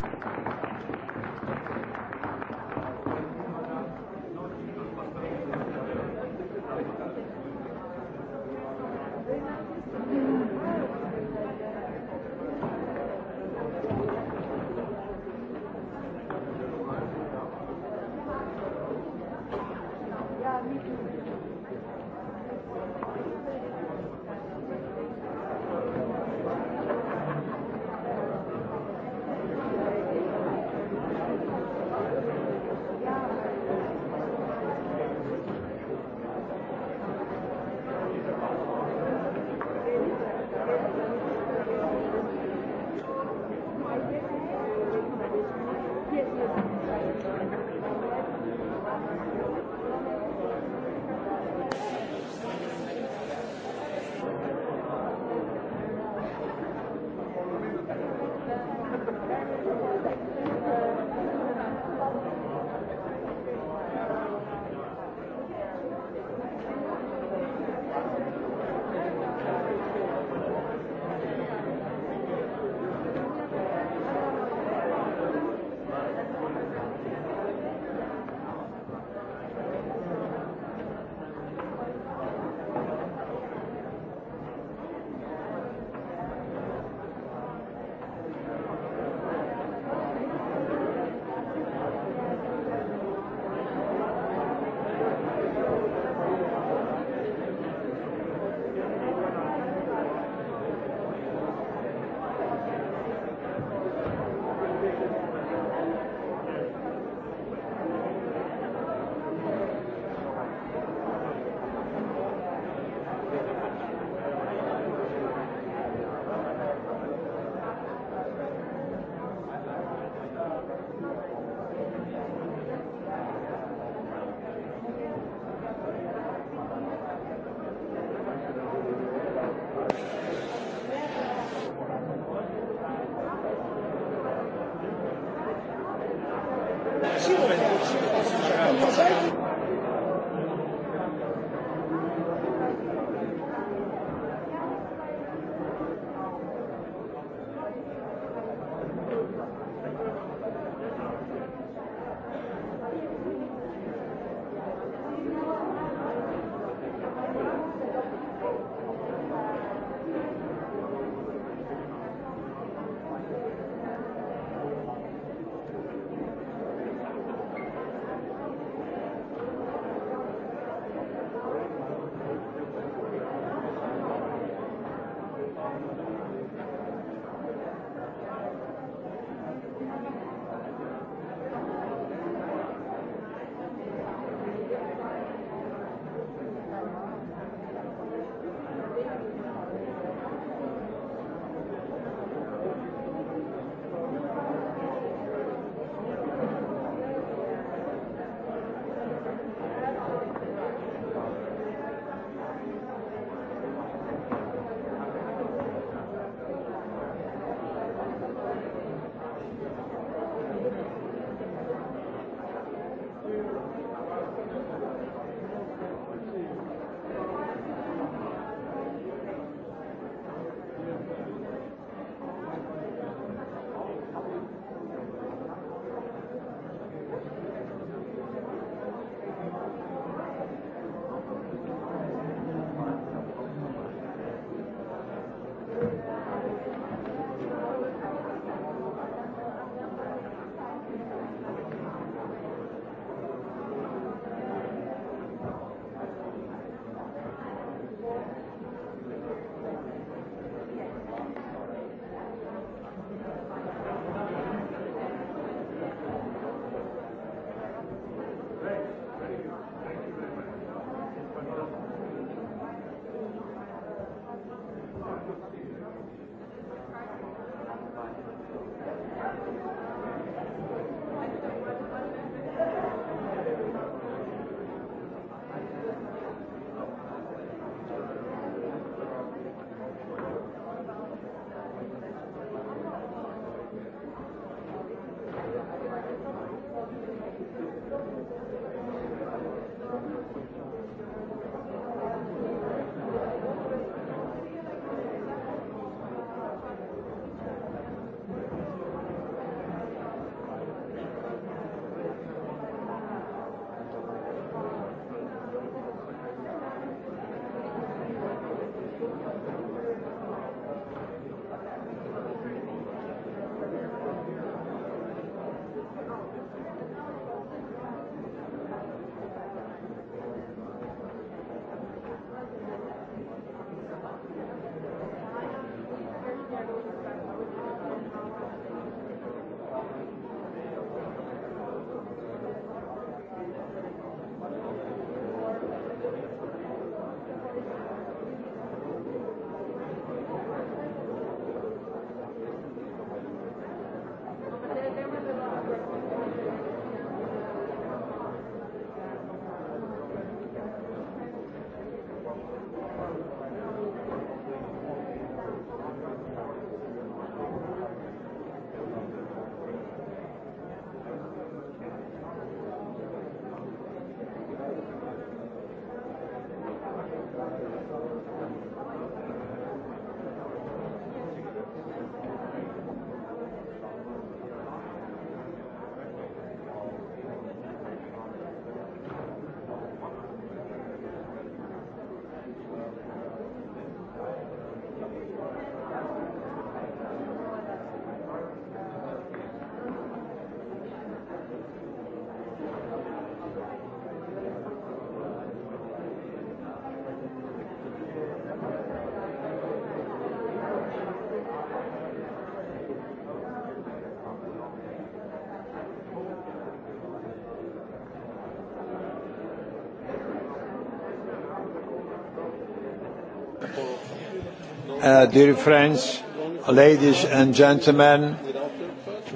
Uh, dear friends, ladies and gentlemen,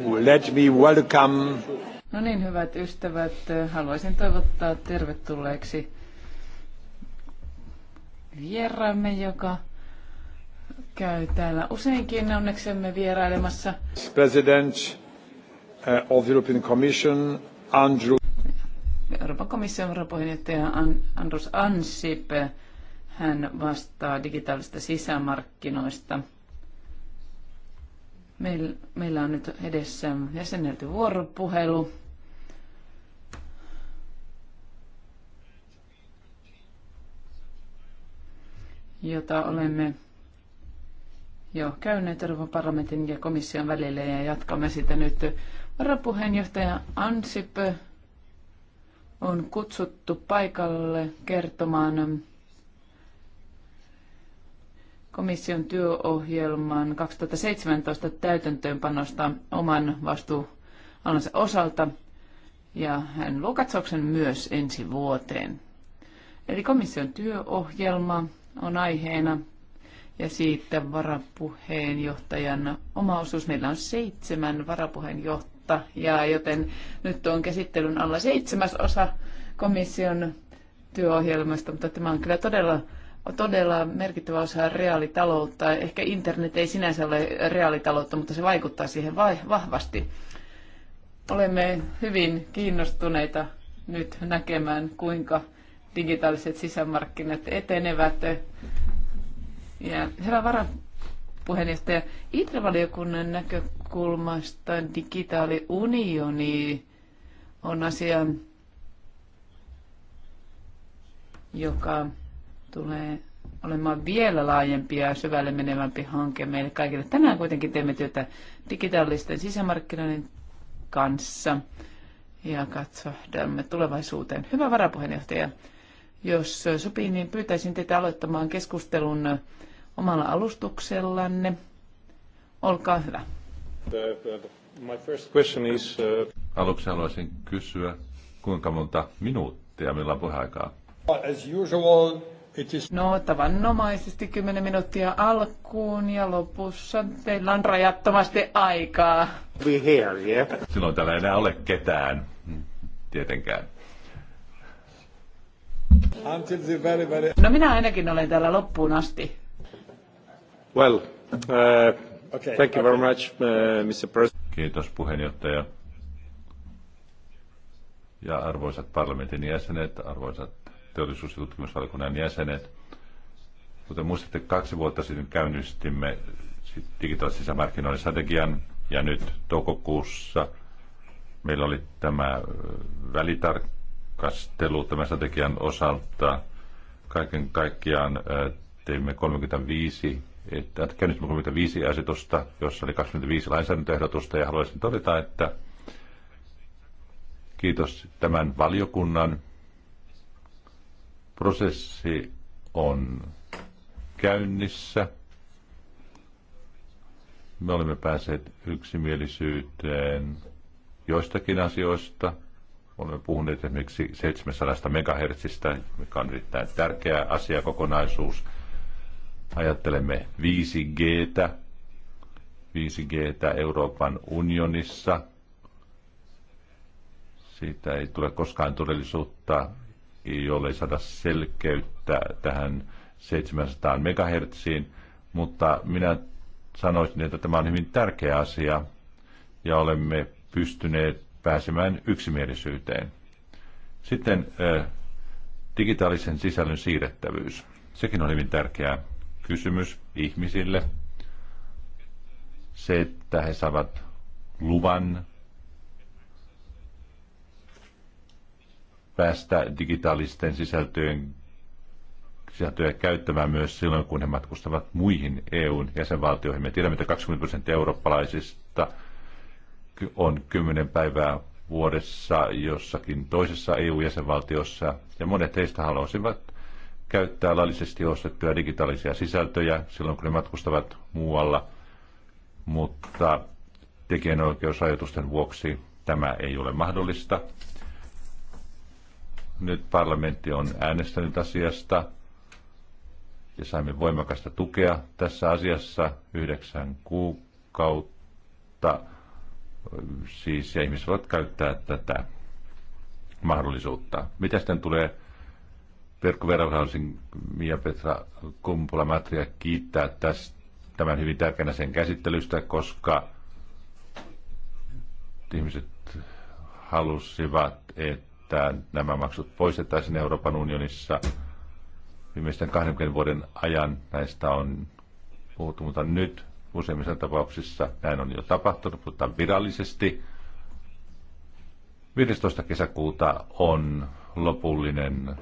let me welcome. No niin, hyvät ystävät, haluaisin toivottaa tervetulleeksi vieraamme, joka käy täällä useinkin onneksemme vierailemassa. President uh, of the European Commission, Andrew. Euroopan komission varapuheenjohtaja Andrus Ansip hän vastaa digitaalista sisämarkkinoista. Meillä on nyt edessä jäsennelty vuoropuhelu. jota olemme jo käyneet Euroopan parlamentin ja komission välillä ja jatkamme sitä nyt. Varapuheenjohtaja Ansip on kutsuttu paikalle kertomaan komission työohjelman 2017 täytäntöönpanosta oman vastuualansa osalta ja hän luo katsauksen myös ensi vuoteen. Eli komission työohjelma on aiheena ja siitä varapuheenjohtajan oma osuus. Meillä on seitsemän varapuheenjohtajaa, joten nyt on käsittelyn alla seitsemäs osa komission työohjelmasta, mutta tämä on kyllä todella on todella merkittävä osa reaalitaloutta. Ehkä internet ei sinänsä ole reaalitaloutta, mutta se vaikuttaa siihen vahvasti. Olemme hyvin kiinnostuneita nyt näkemään, kuinka digitaaliset sisämarkkinat etenevät. Ja hyvä varapuheenjohtaja, ITRE-valiokunnan näkökulmasta digitaaliunioni on asia, joka tulee olemaan vielä laajempi ja syvälle menevämpi hanke meille kaikille. Tänään kuitenkin teemme työtä digitaalisten sisämarkkinoiden kanssa ja katsomme tulevaisuuteen. Hyvä varapuheenjohtaja, jos sopii, niin pyytäisin teitä aloittamaan keskustelun omalla alustuksellanne. Olkaa hyvä. My first question is, uh... Aluksi haluaisin kysyä, kuinka monta minuuttia meillä on puheaikaa? As usual, No, tavanomaisesti 10 minuuttia alkuun ja lopussa teillä on rajattomasti aikaa. Be here, yeah. Silloin täällä ei enää ole ketään, mm, tietenkään. Until the very, very... No minä ainakin olen täällä loppuun asti. Well, uh, okay, thank you okay. very much, uh, Mr. President. Kiitos puheenjohtaja. Ja arvoisat parlamentin jäsenet, arvoisat teollisuus- ja tutkimusvaliokunnan jäsenet. Kuten muistatte, kaksi vuotta sitten käynnistimme digitaalisen sisämarkkinoiden strategian ja nyt toukokuussa meillä oli tämä välitarkastelu tämän strategian osalta. Kaiken kaikkiaan teimme 35 että äh, käynnistimme 35 asetusta, jossa oli 25 lainsäädäntöehdotusta ja haluaisin todeta, että kiitos tämän valiokunnan Prosessi on käynnissä. Me olemme päässeet yksimielisyyteen joistakin asioista. Olemme puhuneet esimerkiksi 700 megahertsistä, mikä on erittäin tärkeä asiakokonaisuus. Ajattelemme 5Gtä, 5Gtä Euroopan unionissa. Siitä ei tule koskaan todellisuutta jollei saada selkeyttä tähän 700 megahertsiin, mutta minä sanoisin, että tämä on hyvin tärkeä asia ja olemme pystyneet pääsemään yksimielisyyteen. Sitten digitaalisen sisällön siirrettävyys. Sekin on hyvin tärkeä kysymys ihmisille. Se, että he saavat luvan päästä digitaalisten sisältöjen sisältöjä käyttämään myös silloin, kun he matkustavat muihin EUn jäsenvaltioihin. Me tiedämme, että 20 prosenttia eurooppalaisista on 10 päivää vuodessa jossakin toisessa EU-jäsenvaltiossa, ja monet heistä haluaisivat käyttää laillisesti ostettuja digitaalisia sisältöjä silloin, kun ne matkustavat muualla, mutta tekijänoikeusrajoitusten vuoksi tämä ei ole mahdollista. Nyt parlamentti on äänestänyt asiasta ja saimme voimakasta tukea tässä asiassa yhdeksän kuukautta. Siis ja ihmiset voivat käyttää tätä mahdollisuutta. Mitä sitten tulee Perkko Verhausin Mia Petra Kumpula Matria kiittää tästä, tämän hyvin tärkeänä sen käsittelystä, koska ihmiset halusivat, että että nämä maksut poistettaisiin Euroopan unionissa. Viimeisten 20 vuoden ajan näistä on puhuttu, mutta nyt useimmissa tapauksissa näin on jo tapahtunut, mutta virallisesti 15. kesäkuuta on lopullinen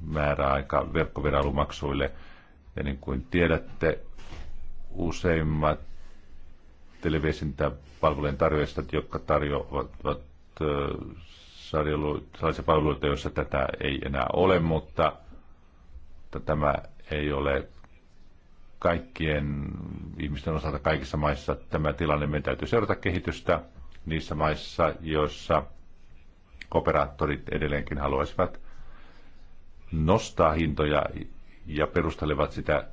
määräaika verkkoviralumaksuille. Ja niin kuin tiedätte, useimmat televisintäpalvelujen tarjoajat, jotka tarjoavat sellaisia palveluita, joissa tätä ei enää ole, mutta tämä ei ole kaikkien ihmisten osalta kaikissa maissa tämä tilanne. Meidän täytyy seurata kehitystä niissä maissa, joissa operaattorit edelleenkin haluaisivat nostaa hintoja ja perustelevat sitä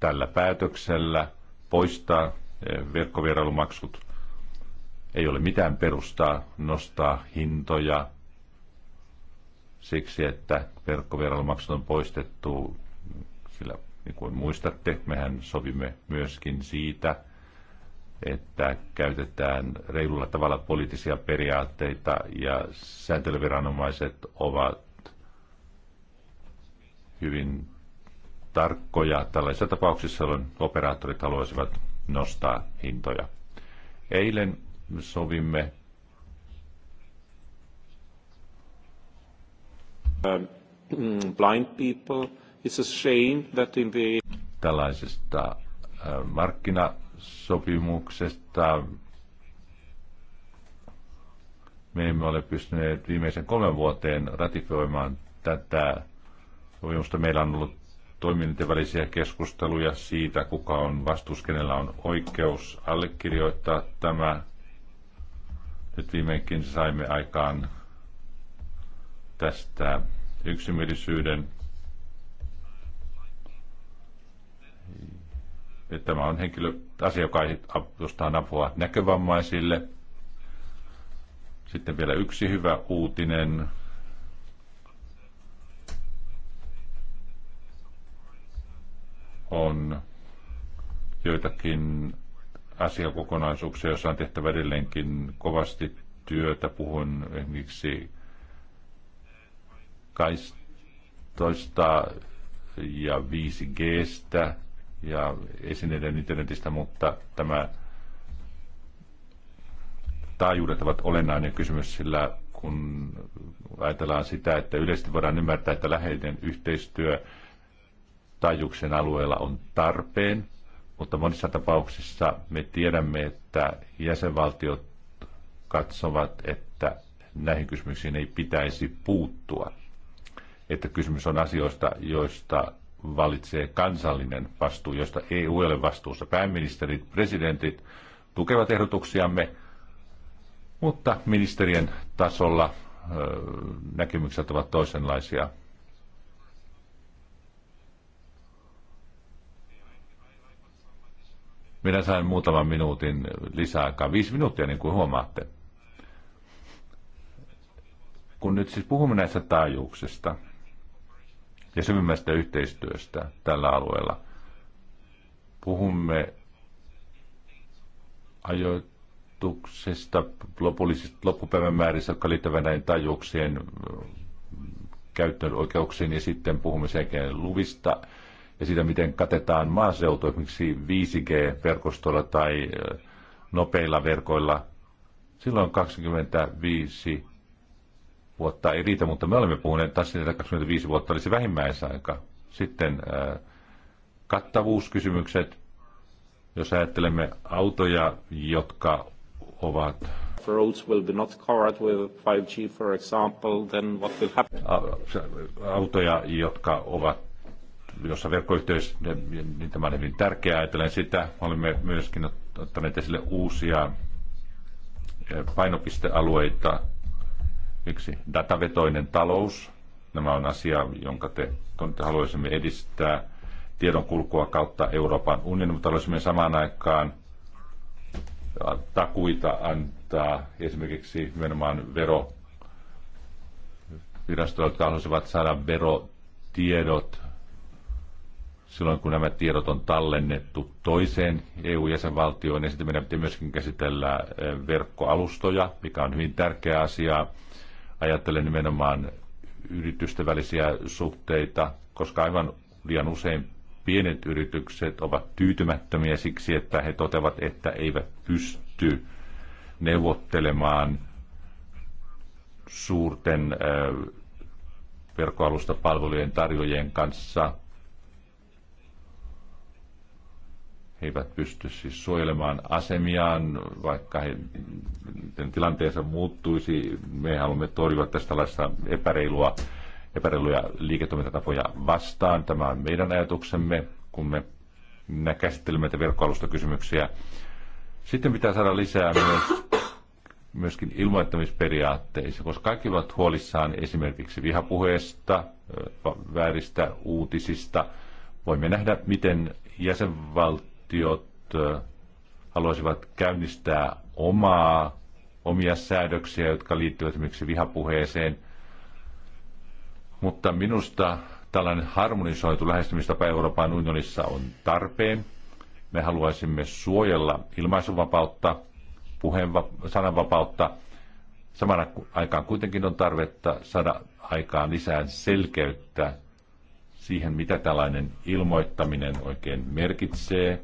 tällä päätöksellä poistaa eh, verkkovierailumaksut. Ei ole mitään perustaa nostaa hintoja siksi, että verkkovierailumaksut on poistettu, sillä niin kuin muistatte, mehän sovimme myöskin siitä, että käytetään reilulla tavalla poliittisia periaatteita ja sääntelyviranomaiset ovat hyvin tarkkoja tällaisissa tapauksissa, jolloin operaattorit haluaisivat nostaa hintoja. Eilen sovimme. Um, mm, blind people. It's a shame that in the... Tällaisesta äh, markkinasopimuksesta me emme ole pystyneet viimeisen kolmen vuoteen ratifioimaan tätä sopimusta. Meillä on ollut toimintojen välisiä keskusteluja siitä, kuka on vastuus, kenellä on oikeus allekirjoittaa tämä nyt viimeinkin saimme aikaan tästä yksimielisyyden. Tämä on henkilö, asia, joka tuostaan apua näkövammaisille. Sitten vielä yksi hyvä uutinen. On joitakin asiakokonaisuuksia, joissa on tehtävä edelleenkin kovasti työtä. Puhun esimerkiksi kaistoista ja 5Gstä ja esineiden internetistä, mutta tämä taajuudet ovat olennainen kysymys, sillä kun ajatellaan sitä, että yleisesti voidaan ymmärtää, että läheinen yhteistyö taajuuksien alueella on tarpeen, mutta monissa tapauksissa me tiedämme, että jäsenvaltiot katsovat, että näihin kysymyksiin ei pitäisi puuttua. Että kysymys on asioista, joista valitsee kansallinen vastuu, josta EU ei ole vastuussa. Pääministerit, presidentit tukevat ehdotuksiamme, mutta ministerien tasolla näkemykset ovat toisenlaisia. Minä sain muutaman minuutin lisäaikaa, viisi minuuttia niin kuin huomaatte. Kun nyt siis puhumme näistä taajuuksista ja syvimmästä yhteistyöstä tällä alueella, puhumme ajoituksesta lopullisista loppupäivän määrissä, jotka liittyvät näiden taajuuksien käyttöoikeuksiin ja sitten puhumme sekä luvista ja siitä, miten katetaan maaseutu esimerkiksi 5G-verkostolla tai nopeilla verkoilla. Silloin 25 vuotta ei riitä, mutta me olemme puhuneet taas siitä, että 25 vuotta olisi vähimmäisaika. Sitten kattavuuskysymykset. Jos ajattelemme autoja, jotka ovat roads will be not covered with 5G, for example, then what will happen? Autoja, jotka ovat jossa verkkoyhteys, niin tämä on hyvin tärkeää. Ajatellen sitä, olemme myöskin ottaneet esille uusia eh, painopistealueita. Yksi datavetoinen talous. Nämä on asia, jonka te, te haluaisimme edistää tiedon kulkua kautta Euroopan unionin, mutta haluaisimme samaan aikaan eh, takuita antaa esimerkiksi nimenomaan vero virastoilta haluaisivat saada verotiedot silloin, kun nämä tiedot on tallennettu toiseen EU-jäsenvaltioon. niin sitten meidän pitää myöskin käsitellä eh, verkkoalustoja, mikä on hyvin tärkeä asia. Ajattelen nimenomaan yritysten välisiä suhteita, koska aivan liian usein pienet yritykset ovat tyytymättömiä siksi, että he toteavat, että eivät pysty neuvottelemaan suurten eh, verkkoalustapalvelujen tarjoajien kanssa He eivät pysty siis suojelemaan asemiaan, vaikka he, tilanteensa muuttuisi. Me haluamme torjua tästä laista epäreilua, epäreiluja liiketoimintatapoja vastaan. Tämä on meidän ajatuksemme, kun me käsittelemme näitä verkkoalustakysymyksiä. Sitten pitää saada lisää myös myöskin ilmoittamisperiaatteissa, koska kaikki ovat huolissaan esimerkiksi vihapuheesta, vääristä uutisista. Voimme nähdä, miten jäsenvaltio valtiot haluaisivat käynnistää omaa, omia säädöksiä, jotka liittyvät esimerkiksi vihapuheeseen. Mutta minusta tällainen harmonisoitu lähestymistapa Euroopan unionissa on tarpeen. Me haluaisimme suojella ilmaisuvapautta, puheen, sananvapautta. Samana aikaan kuitenkin on tarvetta saada aikaan lisää selkeyttä siihen, mitä tällainen ilmoittaminen oikein merkitsee –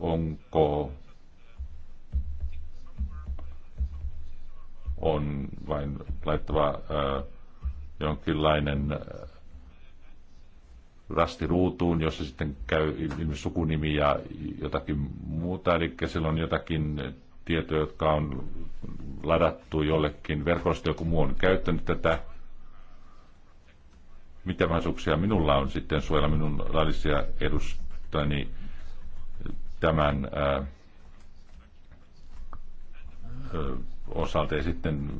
onko on vain laittava ää, jonkinlainen rasti ruutuun, jossa sitten käy ilmeisesti sukunimi ja jotakin muuta. Eli siellä on jotakin tietoja, jotka on ladattu jollekin verkosta, joku muu on käyttänyt tätä. Mitä mahdollisuuksia minulla on sitten suojella minun laillisia edustajani tämän ää, osalta. Ja sitten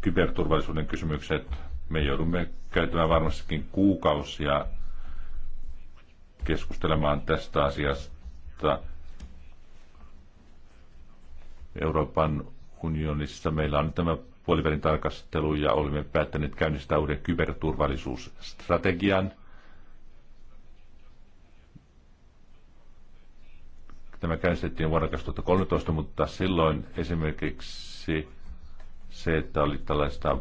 kyberturvallisuuden kysymykset. Me joudumme käyttämään varmastikin kuukausia keskustelemaan tästä asiasta. Euroopan unionissa meillä on tämä puolivälin tarkastelu ja olemme päättäneet käynnistää uuden kyberturvallisuusstrategian – Tämä käynnistettiin vuonna 2013, mutta silloin esimerkiksi se, että oli tällaista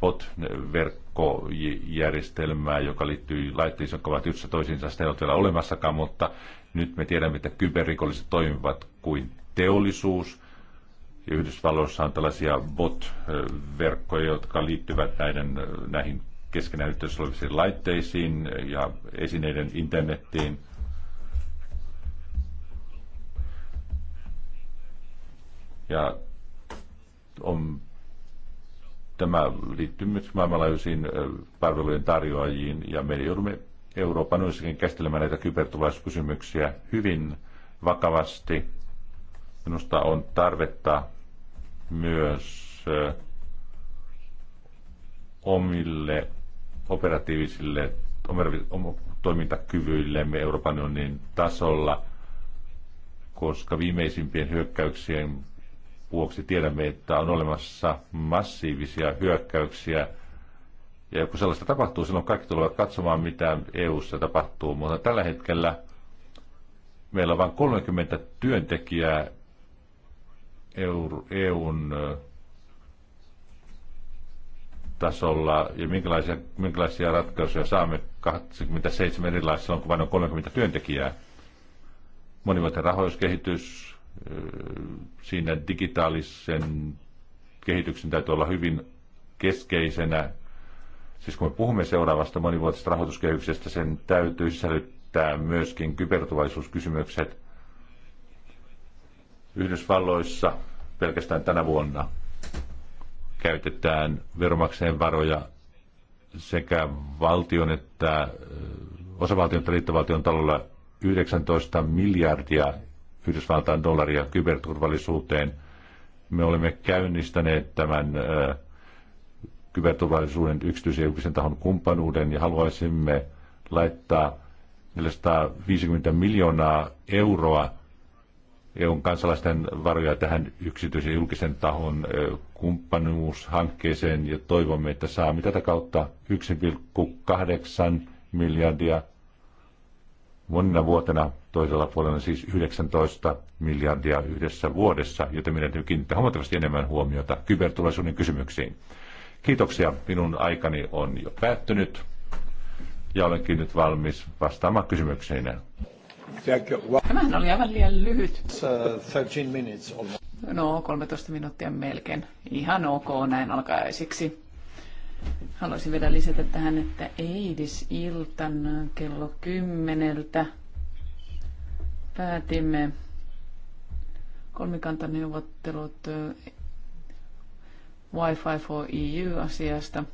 bot-verkkojärjestelmää, joka liittyy laitteisiin, jotka ovat yhdessä toisiinsa, sitä ei ole vielä olemassakaan, mutta nyt me tiedämme, että kyberrikolliset toimivat kuin teollisuus. Ja Yhdysvalloissa on tällaisia bot-verkkoja, jotka liittyvät näiden, näihin keskenään yhteydessä oleviin laitteisiin ja esineiden internettiin. Ja on, tämä liittyy myös maailmanlaajuisiin palvelujen tarjoajiin ja me joudumme Euroopan unionissakin käsittelemään näitä kyberturvallisuuskysymyksiä hyvin vakavasti. Minusta on tarvetta myös omille operatiivisille toimintakyvyillemme Euroopan unionin tasolla, koska viimeisimpien hyökkäyksien vuoksi tiedämme, että on olemassa massiivisia hyökkäyksiä. Ja kun sellaista tapahtuu, silloin kaikki tulevat katsomaan, mitä EU:ssa tapahtuu. Mutta tällä hetkellä meillä on vain 30 työntekijää EUn e tasolla ja minkälaisia, minkälaisia ratkaisuja saamme 27 erilaisilla, on kun vain on 30 työntekijää. Monivuotinen rahoituskehitys, siinä digitaalisen kehityksen täytyy olla hyvin keskeisenä. Siis kun me puhumme seuraavasta monivuotisesta rahoituskehyksestä, sen täytyy sisällyttää myöskin kyberturvallisuuskysymykset Yhdysvalloissa pelkästään tänä vuonna käytetään veromakseen varoja sekä valtion että osavaltion että liittovaltion talolla 19 miljardia Yhdysvaltain dollaria kyberturvallisuuteen. Me olemme käynnistäneet tämän kyberturvallisuuden yksityisen ja julkisen tahon kumppanuuden ja haluaisimme laittaa 450 miljoonaa euroa EUn kansalaisten varoja tähän yksityisen ja julkisen tahon kumppanuushankkeeseen ja toivomme, että saamme tätä kautta 1,8 miljardia monina vuotena, toisella puolella siis 19 miljardia yhdessä vuodessa, joten meidän täytyy kiinnittää huomattavasti enemmän huomiota kyberturvallisuuden kysymyksiin. Kiitoksia. Minun aikani on jo päättynyt ja olenkin nyt valmis vastaamaan kysymyksiin. Tämä oli aivan liian lyhyt. 13 minutes. No, 13 minuuttia melkein. Ihan ok näin alkaisiksi. Haluaisin vielä lisätä tähän, että eidisiltana kello kymmeneltä päätimme kolmikantaneuvottelut Wi-Fi for EU-asiasta.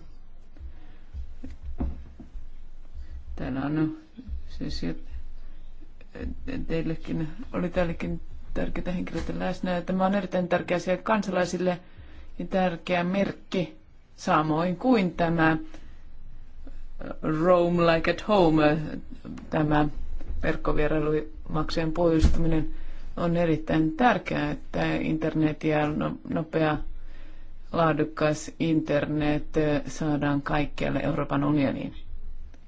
Täällä on siis teillekin, oli täälläkin tärkeitä henkilöitä läsnä. Tämä on erittäin tärkeä asia kansalaisille ja tärkeä merkki samoin kuin tämä Roam Like at Home, tämä verkkovierailumaksujen poistuminen on erittäin tärkeää, että internet ja no, nopea laadukas internet saadaan kaikkialle Euroopan unioniin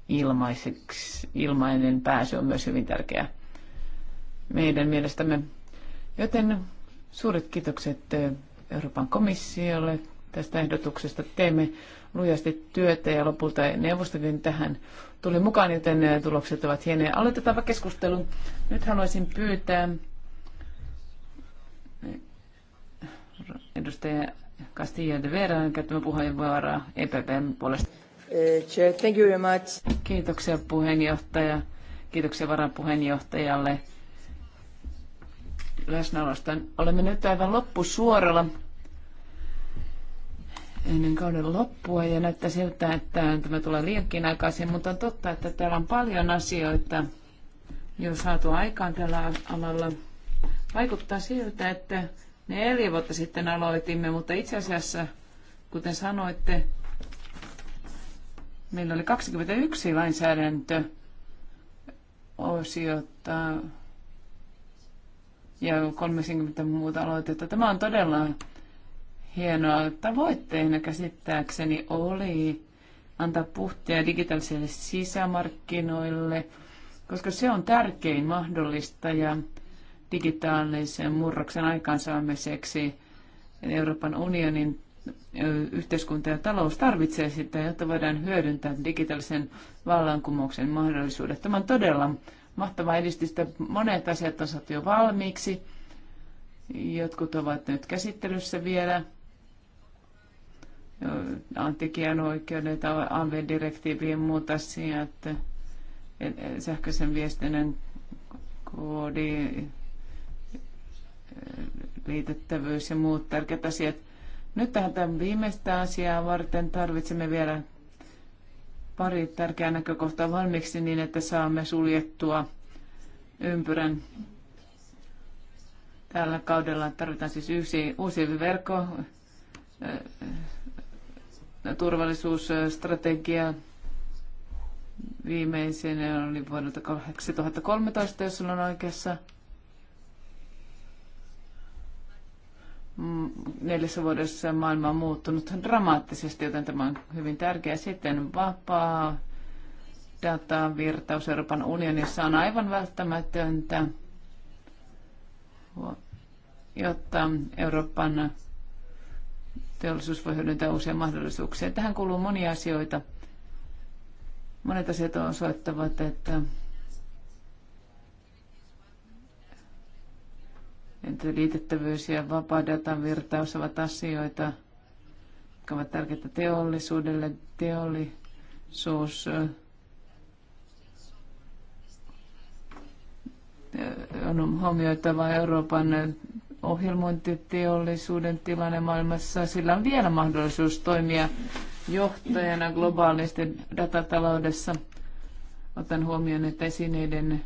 ilmaiseksi. Ilmainen pääsy on myös hyvin tärkeää meidän mielestämme. Joten suuret kiitokset Euroopan komissiolle tästä ehdotuksesta. Teemme lujasti työtä ja lopulta neuvostokin tähän tuli mukaan, joten tulokset ovat hienoja. Aloitetaanpa keskustelun Nyt haluaisin pyytää edustaja Castilla de Veraan käyttämään puheenvuoroa EPPn puolesta. Eh, thank you very much. Kiitoksia puheenjohtaja. Kiitoksia varapuheenjohtajalle läsnäolosta. Olemme nyt aivan loppusuoralla ennen kauden loppua ja näyttää siltä, että tämä tulee liiankin aikaisin, mutta on totta, että täällä on paljon asioita jo saatu aikaan tällä alalla. Vaikuttaa siltä, että ne neljä vuotta sitten aloitimme, mutta itse asiassa, kuten sanoitte, meillä oli 21 osiota ja 30 muuta aloitetta. Tämä on todella hienoa. Tavoitteena käsittääkseni oli antaa puhtia digitaalisille sisämarkkinoille, koska se on tärkein mahdollistaja digitaalisen murroksen aikaansaamiseksi. Euroopan unionin yhteiskunta ja talous tarvitsee sitä, jotta voidaan hyödyntää digitaalisen vallankumouksen mahdollisuudet. Tämä on todella mahtava edistystä. Monet asiat on saatu jo valmiiksi. Jotkut ovat nyt käsittelyssä vielä antikianoikeudet, AV-direktiivien muut että sähköisen viestinnän koodi, liitettävyys ja muut tärkeät asiat. Nyt tähän tämän viimeistä asiaa varten tarvitsemme vielä pari tärkeää näkökohtaa valmiiksi niin, että saamme suljettua ympyrän. Tällä kaudella tarvitaan siis yksi, uusi verkko turvallisuusstrategia viimeisenä oli vuodelta 2013, jos on oikeassa. Mm, neljässä vuodessa maailma on muuttunut dramaattisesti, joten tämä on hyvin tärkeä. Sitten vapaa datavirtaus Euroopan unionissa on aivan välttämätöntä, jotta Euroopan teollisuus voi hyödyntää uusia mahdollisuuksia. Tähän kuuluu monia asioita. Monet asiat osoittavat, että Entä liitettävyys ja vapaa datan virtaus ovat asioita, jotka ovat tärkeitä teollisuudelle. Teollisuus on huomioitava Euroopan ohjelmointiteollisuuden tilanne maailmassa. Sillä on vielä mahdollisuus toimia johtajana globaalisten datataloudessa. Otan huomioon, että esineiden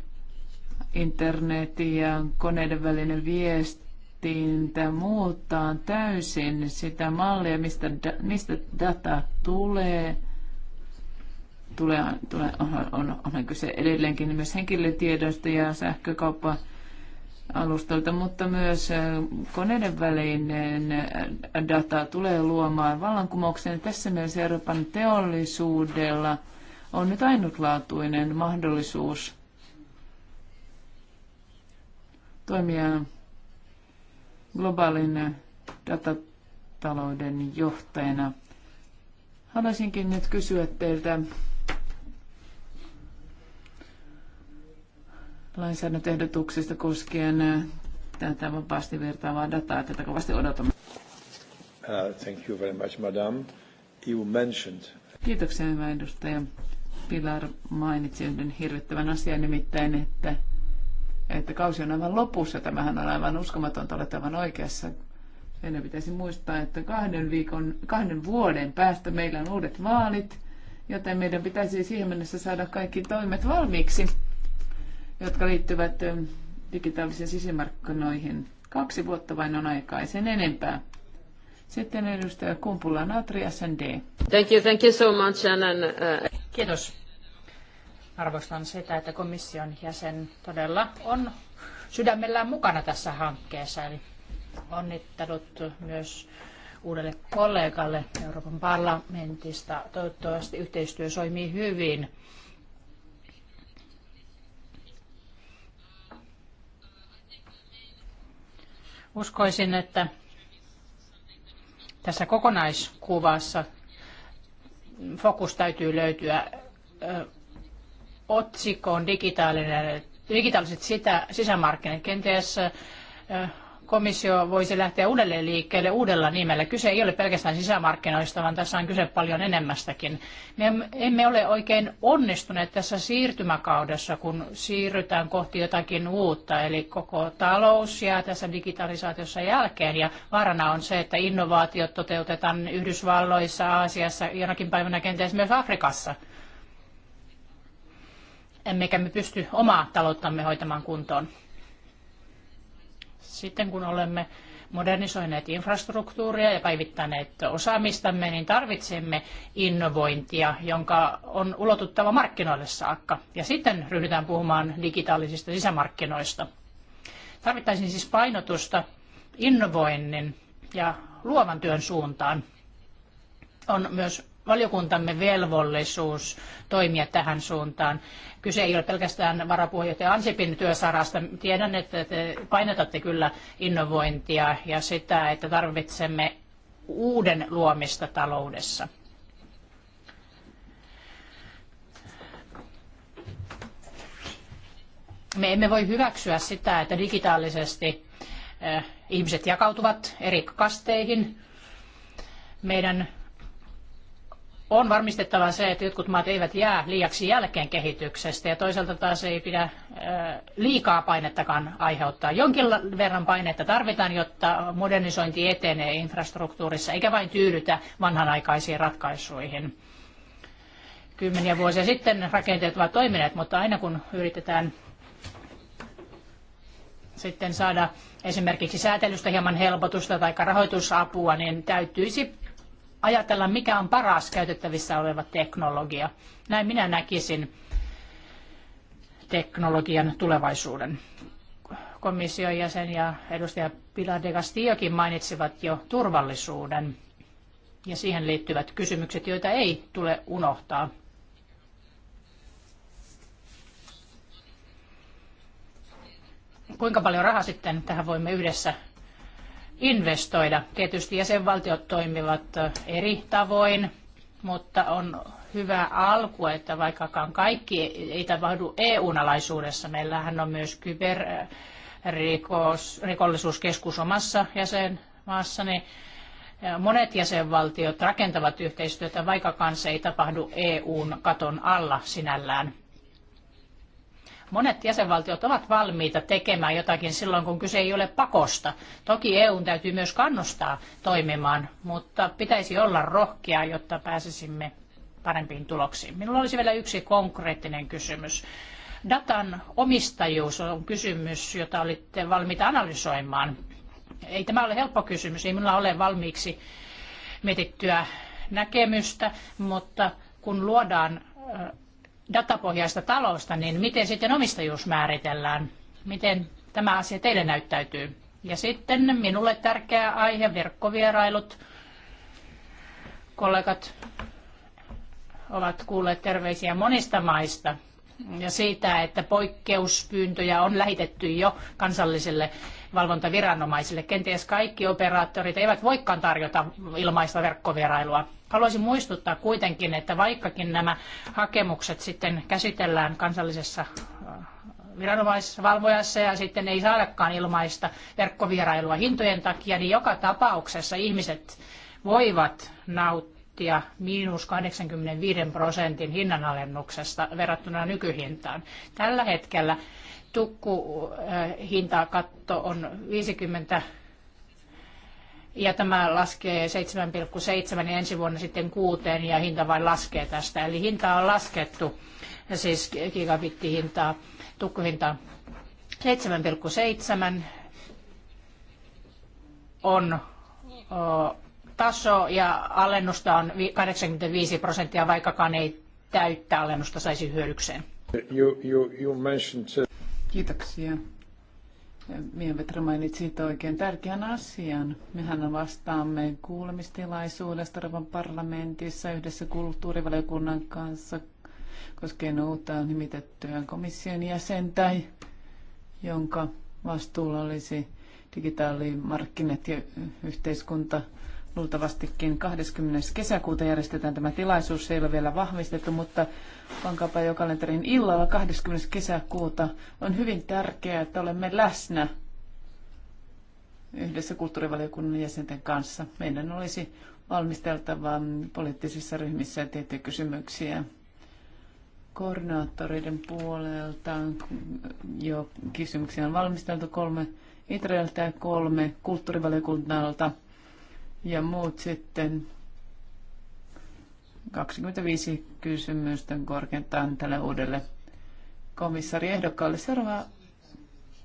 internetin ja koneiden välinen viestintä muuttaa täysin sitä mallia, mistä, mistä data tulee tulee, tulee on, on, on kyse edelleenkin myös henkilötiedosta ja sähkökauppa alustalta, mutta myös koneiden välinen data tulee luomaan vallankumouksen. Tässä myös Euroopan teollisuudella on nyt ainutlaatuinen mahdollisuus toimia globaalin datatalouden johtajana. Haluaisinkin nyt kysyä teiltä, lainsäädäntöehdotuksista koskien tätä vapaasti virtaavaa dataa. Tätä kovasti odotamme. Uh, thank you very much, madam. You mentioned... Kiitoksia, hyvä edustaja. Pilar mainitsi yhden hirvittävän asian, nimittäin, että, että kausi on aivan lopussa. Tämähän on aivan uskomatonta, olet aivan oikeassa. Sen pitäisi muistaa, että kahden, viikon, kahden vuoden päästä meillä on uudet vaalit, joten meidän pitäisi siihen mennessä saada kaikki toimet valmiiksi jotka liittyvät digitaalisiin sisämarkkinoihin. Kaksi vuotta vain on aikaa, sen enempää. Sitten edustaja Kumpula Natri, SND. Thank you, thank you so much, uh... Kiitos. Arvostan sitä, että komission jäsen todella on sydämellään mukana tässä hankkeessa. Eli onnittelut myös uudelle kollegalle Euroopan parlamentista. Toivottavasti yhteistyö soimii hyvin Uskoisin, että tässä kokonaiskuvassa fokus täytyy löytyä otsikon digitaalinen, digitaaliset sitä, sisämarkkinat. Kenties komissio voisi lähteä uudelleen liikkeelle uudella nimellä. Kyse ei ole pelkästään sisämarkkinoista, vaan tässä on kyse paljon enemmästäkin. Me emme ole oikein onnistuneet tässä siirtymäkaudessa, kun siirrytään kohti jotakin uutta, eli koko talous jää tässä digitalisaatiossa jälkeen, ja vaarana on se, että innovaatiot toteutetaan Yhdysvalloissa, Aasiassa, jonakin päivänä kenties myös Afrikassa emmekä me pysty omaa talouttamme hoitamaan kuntoon sitten kun olemme modernisoineet infrastruktuuria ja päivittäneet osaamistamme, niin tarvitsemme innovointia, jonka on ulotuttava markkinoille saakka. Ja sitten ryhdytään puhumaan digitaalisista sisämarkkinoista. Tarvittaisiin siis painotusta innovoinnin ja luovan työn suuntaan. On myös valiokuntamme velvollisuus toimia tähän suuntaan. Kyse ei ole pelkästään varapuheenjohtaja Ansipin työsarasta. Tiedän, että te painotatte kyllä innovointia ja sitä, että tarvitsemme uuden luomista taloudessa. Me emme voi hyväksyä sitä, että digitaalisesti eh, ihmiset jakautuvat eri kasteihin. Meidän on varmistettava se, että jotkut maat eivät jää liiaksi jälkeen kehityksestä ja toisaalta taas ei pidä liikaa painettakaan aiheuttaa. Jonkin verran painetta tarvitaan, jotta modernisointi etenee infrastruktuurissa, eikä vain tyydytä vanhanaikaisiin ratkaisuihin. Kymmeniä vuosia sitten rakenteet ovat toimineet, mutta aina kun yritetään sitten saada esimerkiksi säätelystä hieman helpotusta tai rahoitusapua, niin täytyisi ajatella, mikä on paras käytettävissä oleva teknologia. Näin minä näkisin teknologian tulevaisuuden. Komission jäsen ja edustaja Pilar de Castillokin mainitsivat jo turvallisuuden ja siihen liittyvät kysymykset, joita ei tule unohtaa. Kuinka paljon rahaa sitten tähän voimme yhdessä investoida. Tietysti jäsenvaltiot toimivat eri tavoin, mutta on hyvä alku, että vaikkakaan kaikki ei tapahdu EU-alaisuudessa. Meillähän on myös kyberrikollisuuskeskus omassa Niin Monet jäsenvaltiot rakentavat yhteistyötä, vaikkakaan se ei tapahdu EUn katon alla sinällään. Monet jäsenvaltiot ovat valmiita tekemään jotakin silloin, kun kyse ei ole pakosta. Toki EUn täytyy myös kannustaa toimimaan, mutta pitäisi olla rohkea, jotta pääsisimme parempiin tuloksiin. Minulla olisi vielä yksi konkreettinen kysymys. Datan omistajuus on kysymys, jota olitte valmiita analysoimaan. Ei tämä ole helppo kysymys, ei minulla ole valmiiksi mietittyä näkemystä, mutta kun luodaan datapohjaista talousta, niin miten sitten omistajuus määritellään? Miten tämä asia teille näyttäytyy? Ja sitten minulle tärkeä aihe, verkkovierailut. Kollegat ovat kuulleet terveisiä monista maista ja siitä, että poikkeuspyyntöjä on lähetetty jo kansallisille valvontaviranomaisille. Kenties kaikki operaattorit eivät voikaan tarjota ilmaista verkkovierailua. Haluaisin muistuttaa kuitenkin, että vaikkakin nämä hakemukset sitten käsitellään kansallisessa äh, viranomaisvalvojassa ja sitten ei saadakaan ilmaista verkkovierailua hintojen takia, niin joka tapauksessa ihmiset voivat nauttia miinus 85 prosentin hinnanalennuksesta verrattuna nykyhintaan. Tällä hetkellä tukkuhintakatto on 50 ja tämä laskee 7,7 ja niin ensi vuonna sitten kuuteen ja hinta vain laskee tästä. Eli hinta on laskettu, siis gigabittihintaa, tukkuhintaa 7,7 on o, taso ja alennusta on 85 prosenttia, vaikkakaan ei täyttä alennusta saisi hyödykseen. You, you, you mentioned... Kiitoksia. Mievetra mainitsi oikein tärkeän asian. Mehän vastaamme kuulemistilaisuudesta Euroopan parlamentissa yhdessä kulttuurivaliokunnan kanssa koskien uutta nimitettyä komission jäsentä, jonka vastuulla olisi digitaalimarkkinat ja yhteiskunta luultavastikin 20. kesäkuuta järjestetään tämä tilaisuus. Se ei ole vielä vahvistettu, mutta pankaapa jo kalenterin illalla 20. kesäkuuta. On hyvin tärkeää, että olemme läsnä yhdessä kulttuurivaliokunnan jäsenten kanssa. Meidän olisi valmisteltava poliittisissa ryhmissä tiettyjä kysymyksiä koordinaattoreiden puolelta. Jo kysymyksiä on valmisteltu kolme Itreiltä ja kolme kulttuurivaliokunnalta ja muut sitten 25 kysymystä korkeintaan tälle uudelle komissariehdokkaalle. Seuraava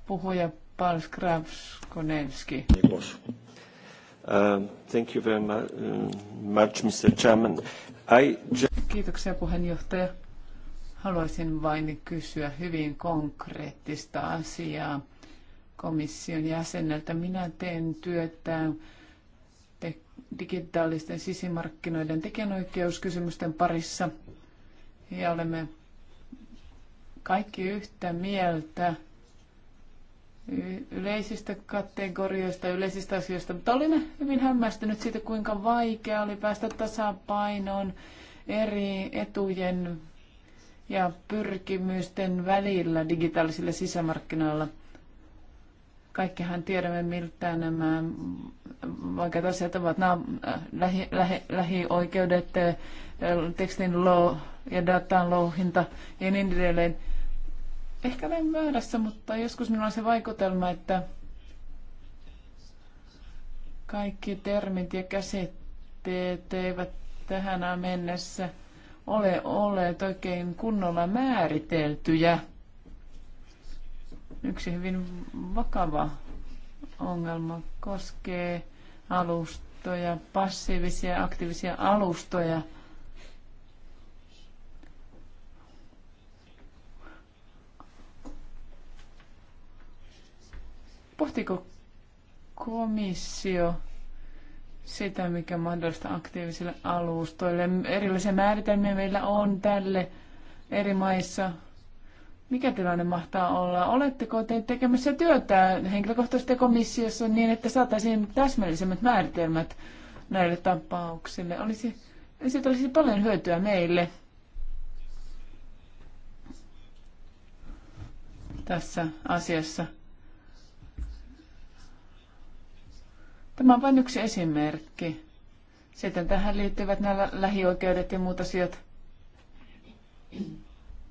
puhuja Paul Skrabskonevski. Um, thank you very um, much, Mr. Chairman. I Kiitoksia puheenjohtaja. Haluaisin vain kysyä hyvin konkreettista asiaa komission jäseneltä. Minä teen työtä digitaalisten sisimarkkinoiden tekijänoikeuskysymysten parissa. Ja olemme kaikki yhtä mieltä yleisistä kategorioista, yleisistä asioista, mutta olin hyvin hämmästynyt siitä, kuinka vaikea oli päästä tasapainoon eri etujen ja pyrkimysten välillä digitaalisilla sisämarkkinoilla – Kaikkihan tiedämme, miltä nämä vaikeat asiat ovat. Nämä äh, lähi, lähi, lähioikeudet, äh, tekstin lo ja datan louhinta ja niin edelleen. Ehkä olen väärässä, mutta joskus minulla on se vaikutelma, että kaikki termit ja käsitteet eivät tähän mennessä ole olleet oikein kunnolla määriteltyjä. Yksi hyvin vakava ongelma koskee alustoja, passiivisia ja aktiivisia alustoja. Pohtiko komissio sitä, mikä mahdollista aktiivisille alustoille? Erillisiä määritelmiä meillä on tälle eri maissa – mikä tilanne mahtaa olla? Oletteko te tekemässä työtä henkilökohtaisesti komissiossa niin, että saataisiin täsmällisemmät määritelmät näille tapauksille? Olisi, siitä olisi paljon hyötyä meille. tässä asiassa. Tämä on vain yksi esimerkki. Sitten tähän liittyvät nämä lähioikeudet ja muut asiat.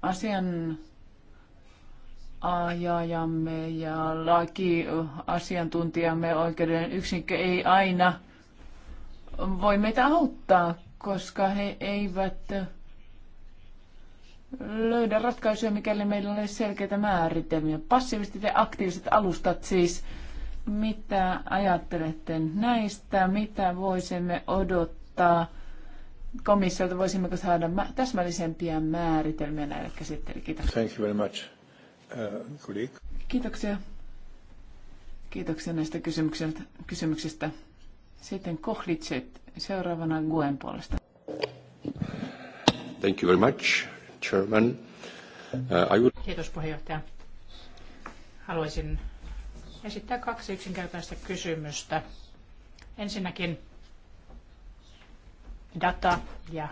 Asian ajajamme ja lakiasiantuntijamme oikeuden yksikkö ei aina voi meitä auttaa, koska he eivät löydä ratkaisuja, mikäli meillä olisi selkeitä määritelmiä. Passiiviset ja aktiiviset alustat siis. Mitä ajattelette näistä? Mitä voisimme odottaa komissiolta? Voisimmeko saada täsmällisempiä määritelmiä näille käsitteille? Kiitos. Thank you very much. Kiitoksia. Kiitoksia näistä kysymyksistä. Sitten Kohlitset seuraavana Guen puolesta. Thank you very much, Chairman. Uh, I would... Kiitos puheenjohtaja. Haluaisin esittää kaksi yksinkertaista kysymystä. Ensinnäkin data ja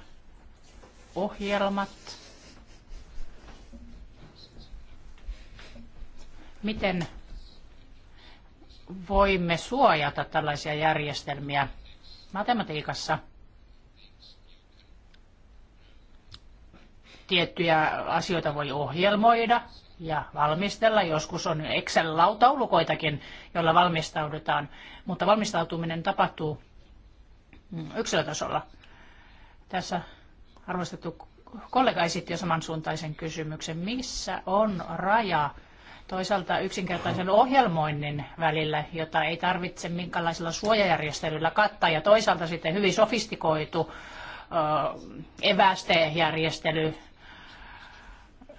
ohjelmat miten voimme suojata tällaisia järjestelmiä matematiikassa. Tiettyjä asioita voi ohjelmoida ja valmistella. Joskus on Excel-lautaulukoitakin, joilla valmistaudutaan, mutta valmistautuminen tapahtuu mm, yksilötasolla. Tässä arvostettu kollega esitti jo samansuuntaisen kysymyksen. Missä on raja toisaalta yksinkertaisen ohjelmoinnin välillä, jota ei tarvitse minkälaisella suojajärjestelyllä kattaa, ja toisaalta sitten hyvin sofistikoitu evästejärjestely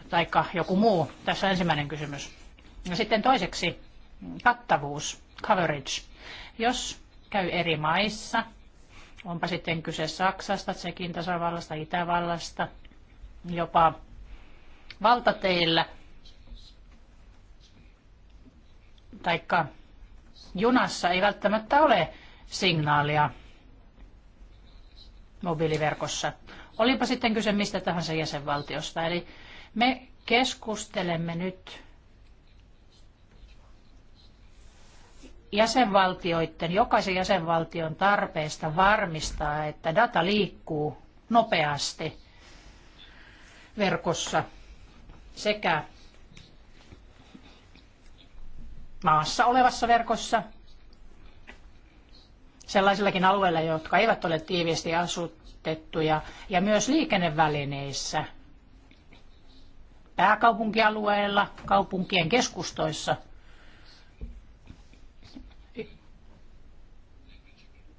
tai joku muu. Tässä ensimmäinen kysymys. Ja sitten toiseksi kattavuus, coverage. Jos käy eri maissa, onpa sitten kyse Saksasta, Tsekin tasavallasta, Itävallasta, jopa valtateillä, taikka junassa ei välttämättä ole signaalia mobiiliverkossa. Olipa sitten kyse mistä tahansa jäsenvaltiosta. Eli me keskustelemme nyt jäsenvaltioiden, jokaisen jäsenvaltion tarpeesta varmistaa, että data liikkuu nopeasti verkossa sekä maassa olevassa verkossa, sellaisillakin alueilla, jotka eivät ole tiiviisti asutettuja, ja myös liikennevälineissä, pääkaupunkialueilla, kaupunkien keskustoissa.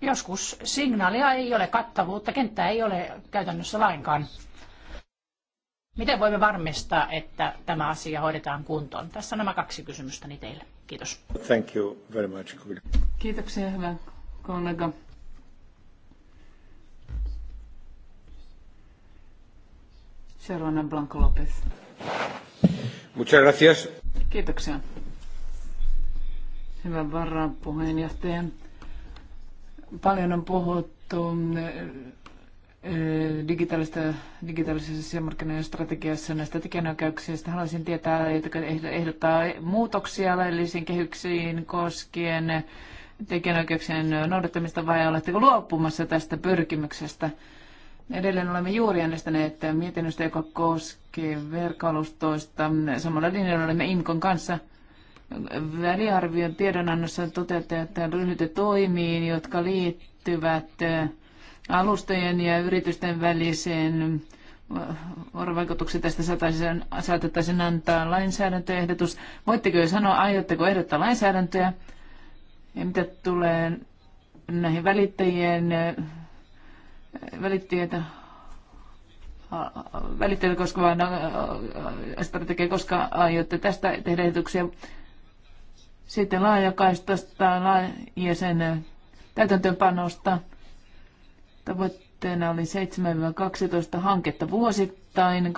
Joskus signaalia ei ole, kattavuutta, kenttää ei ole käytännössä lainkaan. Miten voimme varmistaa, että tämä asia hoidetaan kuntoon? Tässä nämä kaksi kysymystäni teille. Kiitos. Thank you very much. Kiitoksia, hyvä kollega. Seuraavana Blanco López. Muchas gracias. Kiitoksia. Hyvä varapuheenjohtaja. Paljon on puhuttu digitaalista, digitaalisessa sisämarkkinoiden strategiassa näistä tekijänoikeuksista. Haluaisin tietää, että ehdottaa muutoksia laillisiin kehyksiin koskien tekijänoikeuksien noudattamista vai oletteko luopumassa tästä pyrkimyksestä? Edelleen olemme juuri äänestäneet mietinnöstä, joka koskee verkkoalustoista. Samalla linjalla olemme Inkon kanssa väliarvion tiedonannossa toteatte, että ryhdytte toimiin, jotka liittyvät alustojen ja yritysten väliseen äh, vuorovaikutukseen tästä saatettaisiin antaa lainsäädäntöehdotus. Voitteko jo sanoa, aiotteko ehdottaa lainsäädäntöä? Ja mitä tulee näihin välittäjien, äh, välittäjiltä välittäjiltä koskevaan äh, strategiaan, koska aiotte tästä tehdä ehdotuksia. Sitten laajakaistasta ja sen täytäntöönpanosta. Tavoitteena oli 7-12 hanketta vuosittain 2017-2021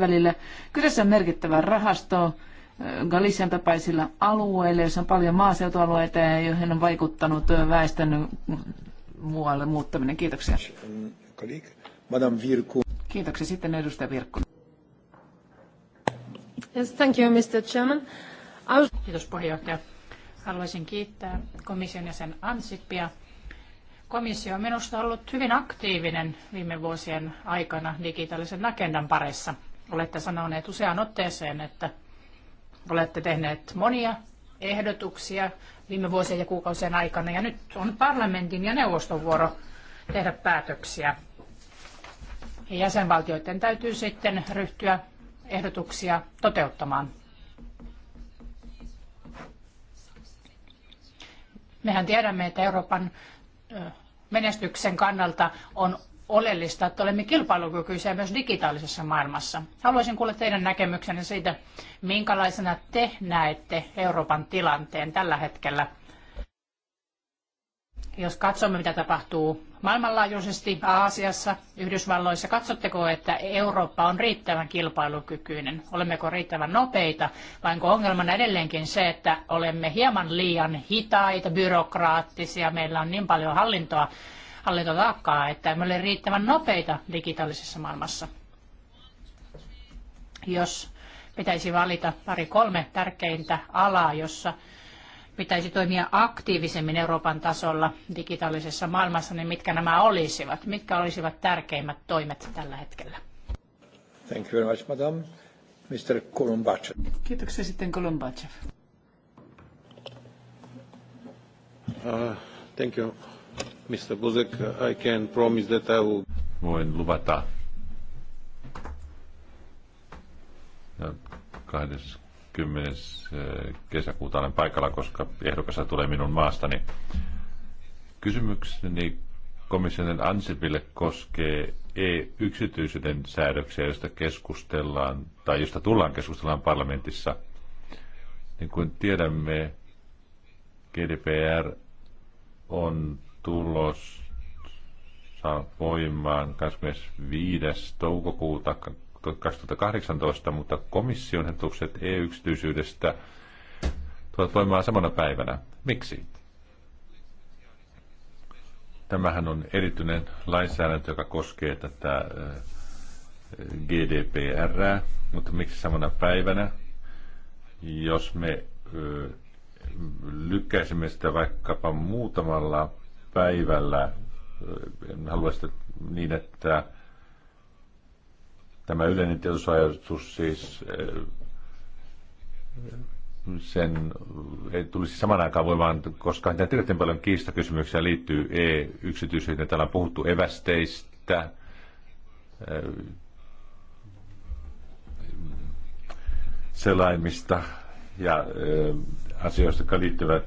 välillä. Kyseessä on merkittävä rahasto äh, Galician tapaisilla alueilla, joissa on paljon maaseutualueita ja joihin on vaikuttanut äh, väestön muualle muuttaminen. Kiitoksia. Kiitoksia. Sitten edustaja Virkku. Yes, thank you, Mr. Chairman. Kiitos puheenjohtaja. Haluaisin kiittää komission jäsen Ansipia Komissio on minusta ollut hyvin aktiivinen viime vuosien aikana digitaalisen agendan parissa. Olette sanoneet useaan otteeseen, että olette tehneet monia ehdotuksia viime vuosien ja kuukausien aikana, ja nyt on parlamentin ja neuvoston vuoro tehdä päätöksiä. Ja jäsenvaltioiden täytyy sitten ryhtyä ehdotuksia toteuttamaan. Mehän tiedämme, että Euroopan menestyksen kannalta on oleellista, että olemme kilpailukykyisiä myös digitaalisessa maailmassa. Haluaisin kuulla teidän näkemyksenne siitä, minkälaisena te näette Euroopan tilanteen tällä hetkellä. Jos katsomme, mitä tapahtuu maailmanlaajuisesti Aasiassa, Yhdysvalloissa? Katsotteko, että Eurooppa on riittävän kilpailukykyinen? Olemmeko riittävän nopeita? Vai onko ongelmana edelleenkin se, että olemme hieman liian hitaita, byrokraattisia, meillä on niin paljon hallintoa, hallintotaakkaa, että emme ole riittävän nopeita digitaalisessa maailmassa? Jos pitäisi valita pari kolme tärkeintä alaa, jossa pitäisi toimia aktiivisemmin Euroopan tasolla digitaalisessa maailmassa, niin mitkä nämä olisivat? Mitkä olisivat tärkeimmät toimet tällä hetkellä? Thank you very much, madam. Mr. Kolumbachev. Kiitoksia sitten Kolumbachev. Uh, thank you, Mr. Buzek. Uh, I can promise that I will... Voin luvata. Ja uh, 10. Eh, kesäkuuta olen paikalla, koska ehdokassa tulee minun maastani. Kysymykseni komissionen Ansipille koskee e-yksityisyyden säädöksiä, joista keskustellaan tai josta tullaan keskustellaan parlamentissa. Niin kuin tiedämme, GDPR on tulos voimaan 25. toukokuuta 2018, mutta komission ehdotukset e-yksityisyydestä tulevat voimaan samana päivänä. Miksi? Tämähän on erityinen lainsäädäntö, joka koskee tätä eh, GDPR, mutta miksi samana päivänä, jos me eh, lykkäisimme sitä vaikkapa muutamalla päivällä, eh, haluaisin niin, että Tämä yleinen tietosuojatus siis eh, sen ei tulisi saman aikaan voimaan, koska tämä tietysti paljon kiistakysymyksiä liittyy e-yksityisyyteen. Täällä on puhuttu evästeistä, eh, selaimista ja eh, asioista, jotka liittyvät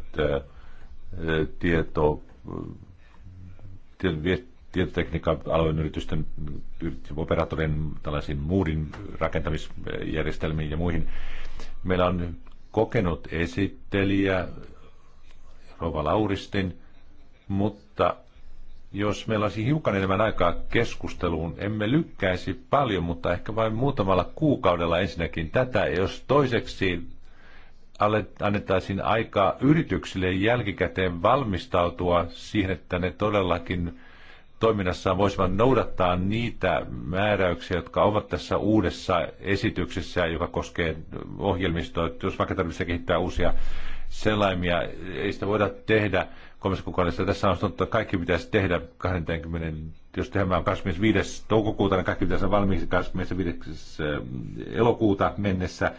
tieto, tietotekniikka alueen yritysten operaattorien tällaisiin muudin rakentamisjärjestelmiin ja muihin. Meillä on kokenut esittelijä Rova Lauristin, mutta jos meillä olisi hiukan enemmän aikaa keskusteluun, emme lykkäisi paljon, mutta ehkä vain muutamalla kuukaudella ensinnäkin tätä. jos toiseksi annettaisiin aikaa yrityksille jälkikäteen valmistautua siihen, että ne todellakin toiminnassaan voisivat noudattaa niitä määräyksiä, jotka ovat tässä uudessa esityksessä, joka koskee ohjelmistoa. Jos vaikka tarvitsee kehittää uusia selaimia, ei sitä voida tehdä kolmessa kuukaudessa. Tässä on sanottu, että kaikki pitäisi tehdä 20, jos tehdään 25. toukokuuta, niin kaikki pitäisi olla valmiiksi 25. Eh, elokuuta mennessä.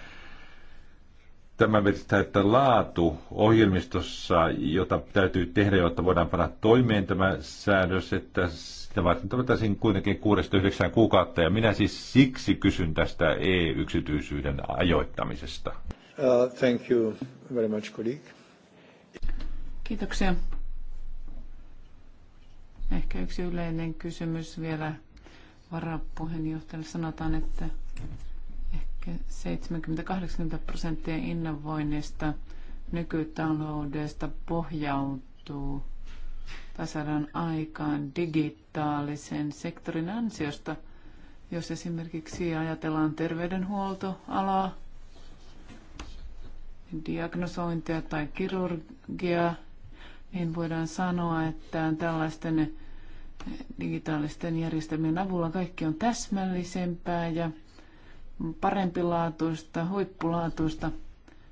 Tämä merkitsee, että laatu ohjelmistossa, jota täytyy tehdä, jotta voidaan panna toimeen tämä säädös, että sitä varten tarvitaan kuitenkin 6-9 kuukautta, ja minä siis siksi kysyn tästä e-yksityisyyden ajoittamisesta. Uh, thank you very much, colleague. Kiitoksia. Ehkä yksi yleinen kysymys vielä varapuheenjohtajalle. Sanotaan, että 70-80 prosenttia innovoinnista nykytaloudesta pohjautuu tai aikaan digitaalisen sektorin ansiosta. Jos esimerkiksi ajatellaan terveydenhuoltoalaa, diagnosointia tai kirurgiaa, niin voidaan sanoa, että tällaisten digitaalisten järjestelmien avulla kaikki on täsmällisempää ja parempilaatuista, huippulaatuista.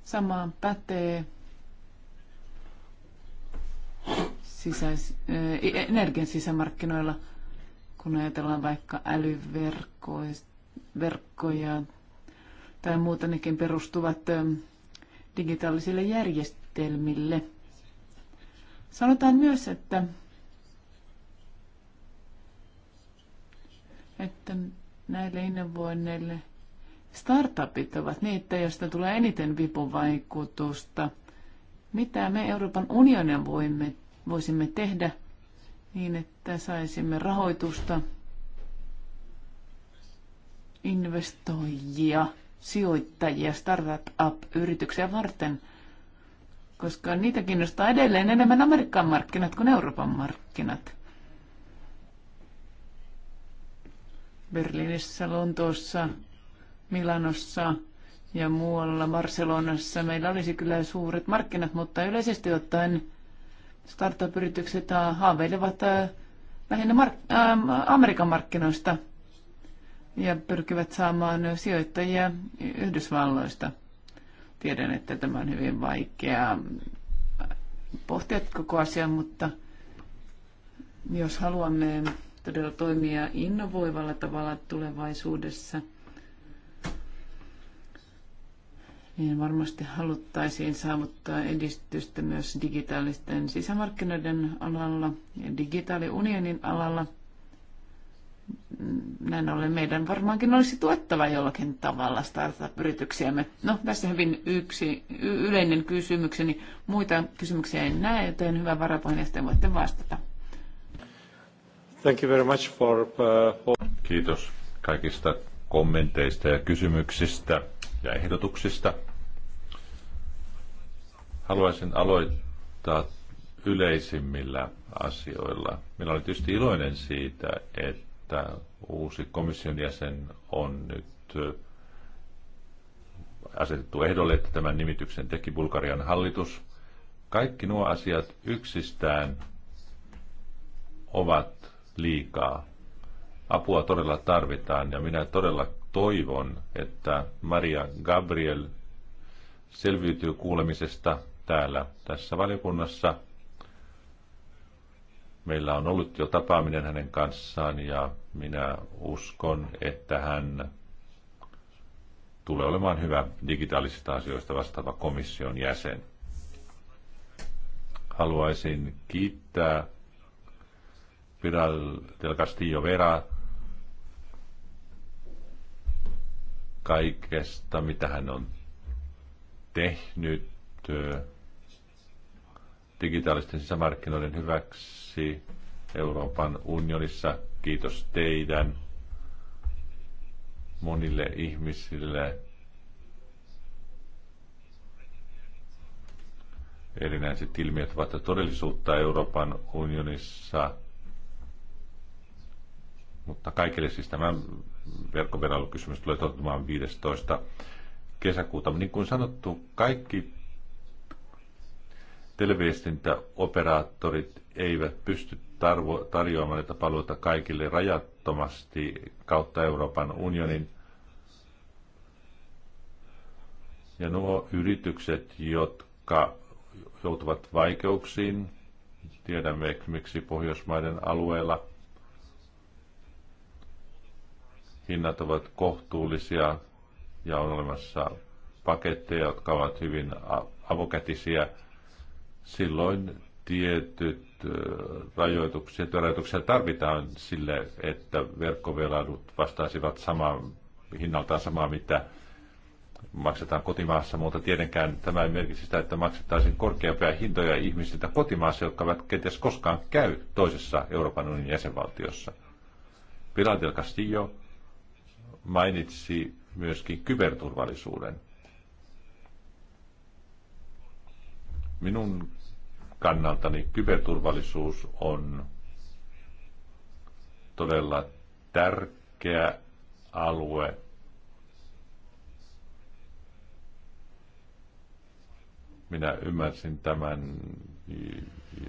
Samaan pätee sisäis, eh, e- energian sisämarkkinoilla, kun ajatellaan vaikka älyverkkoja tai muuta, nekin perustuvat eh, digitaalisille järjestelmille. Sanotaan myös, että, että näille innovoinneille – Startupit ovat niitä, joista tulee eniten vipuvaikutusta. Mitä me Euroopan unionin voimme, voisimme tehdä niin, että saisimme rahoitusta, investoijia, sijoittajia, startup-yrityksiä varten, koska niitä kiinnostaa edelleen enemmän Amerikan markkinat kuin Euroopan markkinat. Berliinissä, Lontoossa, Milanossa ja muualla Barcelonassa meillä olisi kyllä suuret markkinat, mutta yleisesti ottaen startup-yritykset äh, haaveilevat äh, lähinnä mark- äh, Amerikan markkinoista ja pyrkivät saamaan sijoittajia Yhdysvalloista. Tiedän, että tämä on hyvin vaikeaa pohtia koko asiaa, mutta jos haluamme todella toimia innovoivalla tavalla tulevaisuudessa – niin varmasti haluttaisiin saavuttaa edistystä myös digitaalisten sisämarkkinoiden alalla ja digitaaliunionin alalla. Näin ollen meidän varmaankin olisi tuettava jollakin tavalla startup-yrityksiämme. No, tässä hyvin yksi yleinen kysymykseni. Muita kysymyksiä en näe, joten hyvä varapuheenjohtaja, voitte vastata. Thank you very much for, uh, for... Kiitos kaikista kommenteista ja kysymyksistä ja ehdotuksista. Haluaisin aloittaa yleisimmillä asioilla. Minä olen tietysti iloinen siitä, että uusi komission jäsen on nyt asetettu ehdolle, että tämän nimityksen teki Bulgarian hallitus. Kaikki nuo asiat yksistään ovat liikaa. Apua todella tarvitaan ja minä todella toivon, että Maria Gabriel selviytyy kuulemisesta täällä tässä valiokunnassa. Meillä on ollut jo tapaaminen hänen kanssaan ja minä uskon, että hän tulee olemaan hyvä digitaalisista asioista vastaava komission jäsen. Haluaisin kiittää Viral del Castillo Vera kaikesta, mitä hän on tehnyt digitaalisten sisämarkkinoiden hyväksi Euroopan unionissa. Kiitos teidän monille ihmisille erinäiset ilmiöt ovat todellisuutta Euroopan unionissa. Mutta kaikille siis tämä verkkoverailukysymys tulee toteutumaan 15. kesäkuuta. Niin kuin sanottu, kaikki televiestintäoperaattorit eivät pysty tarvo, tarjoamaan näitä palveluita kaikille rajattomasti kautta Euroopan unionin. Ja nuo yritykset, jotka joutuvat vaikeuksiin, tiedämme miksi Pohjoismaiden alueella hinnat ovat kohtuullisia ja on olemassa paketteja, jotka ovat hyvin avokätisiä – silloin tietyt rajoituksia, rajoituksia tarvitaan sille, että verkkovelaudut vastaisivat samaa, hinnaltaan samaa, mitä maksetaan kotimaassa, mutta tietenkään tämä ei merkitse sitä, että maksettaisiin korkeampia hintoja ihmisiltä kotimaassa, jotka eivät kenties koskaan käy toisessa Euroopan unionin jäsenvaltiossa. Pilar Castillo mainitsi myöskin kyberturvallisuuden. Minun kannalta niin kyberturvallisuus on todella tärkeä alue. Minä ymmärsin tämän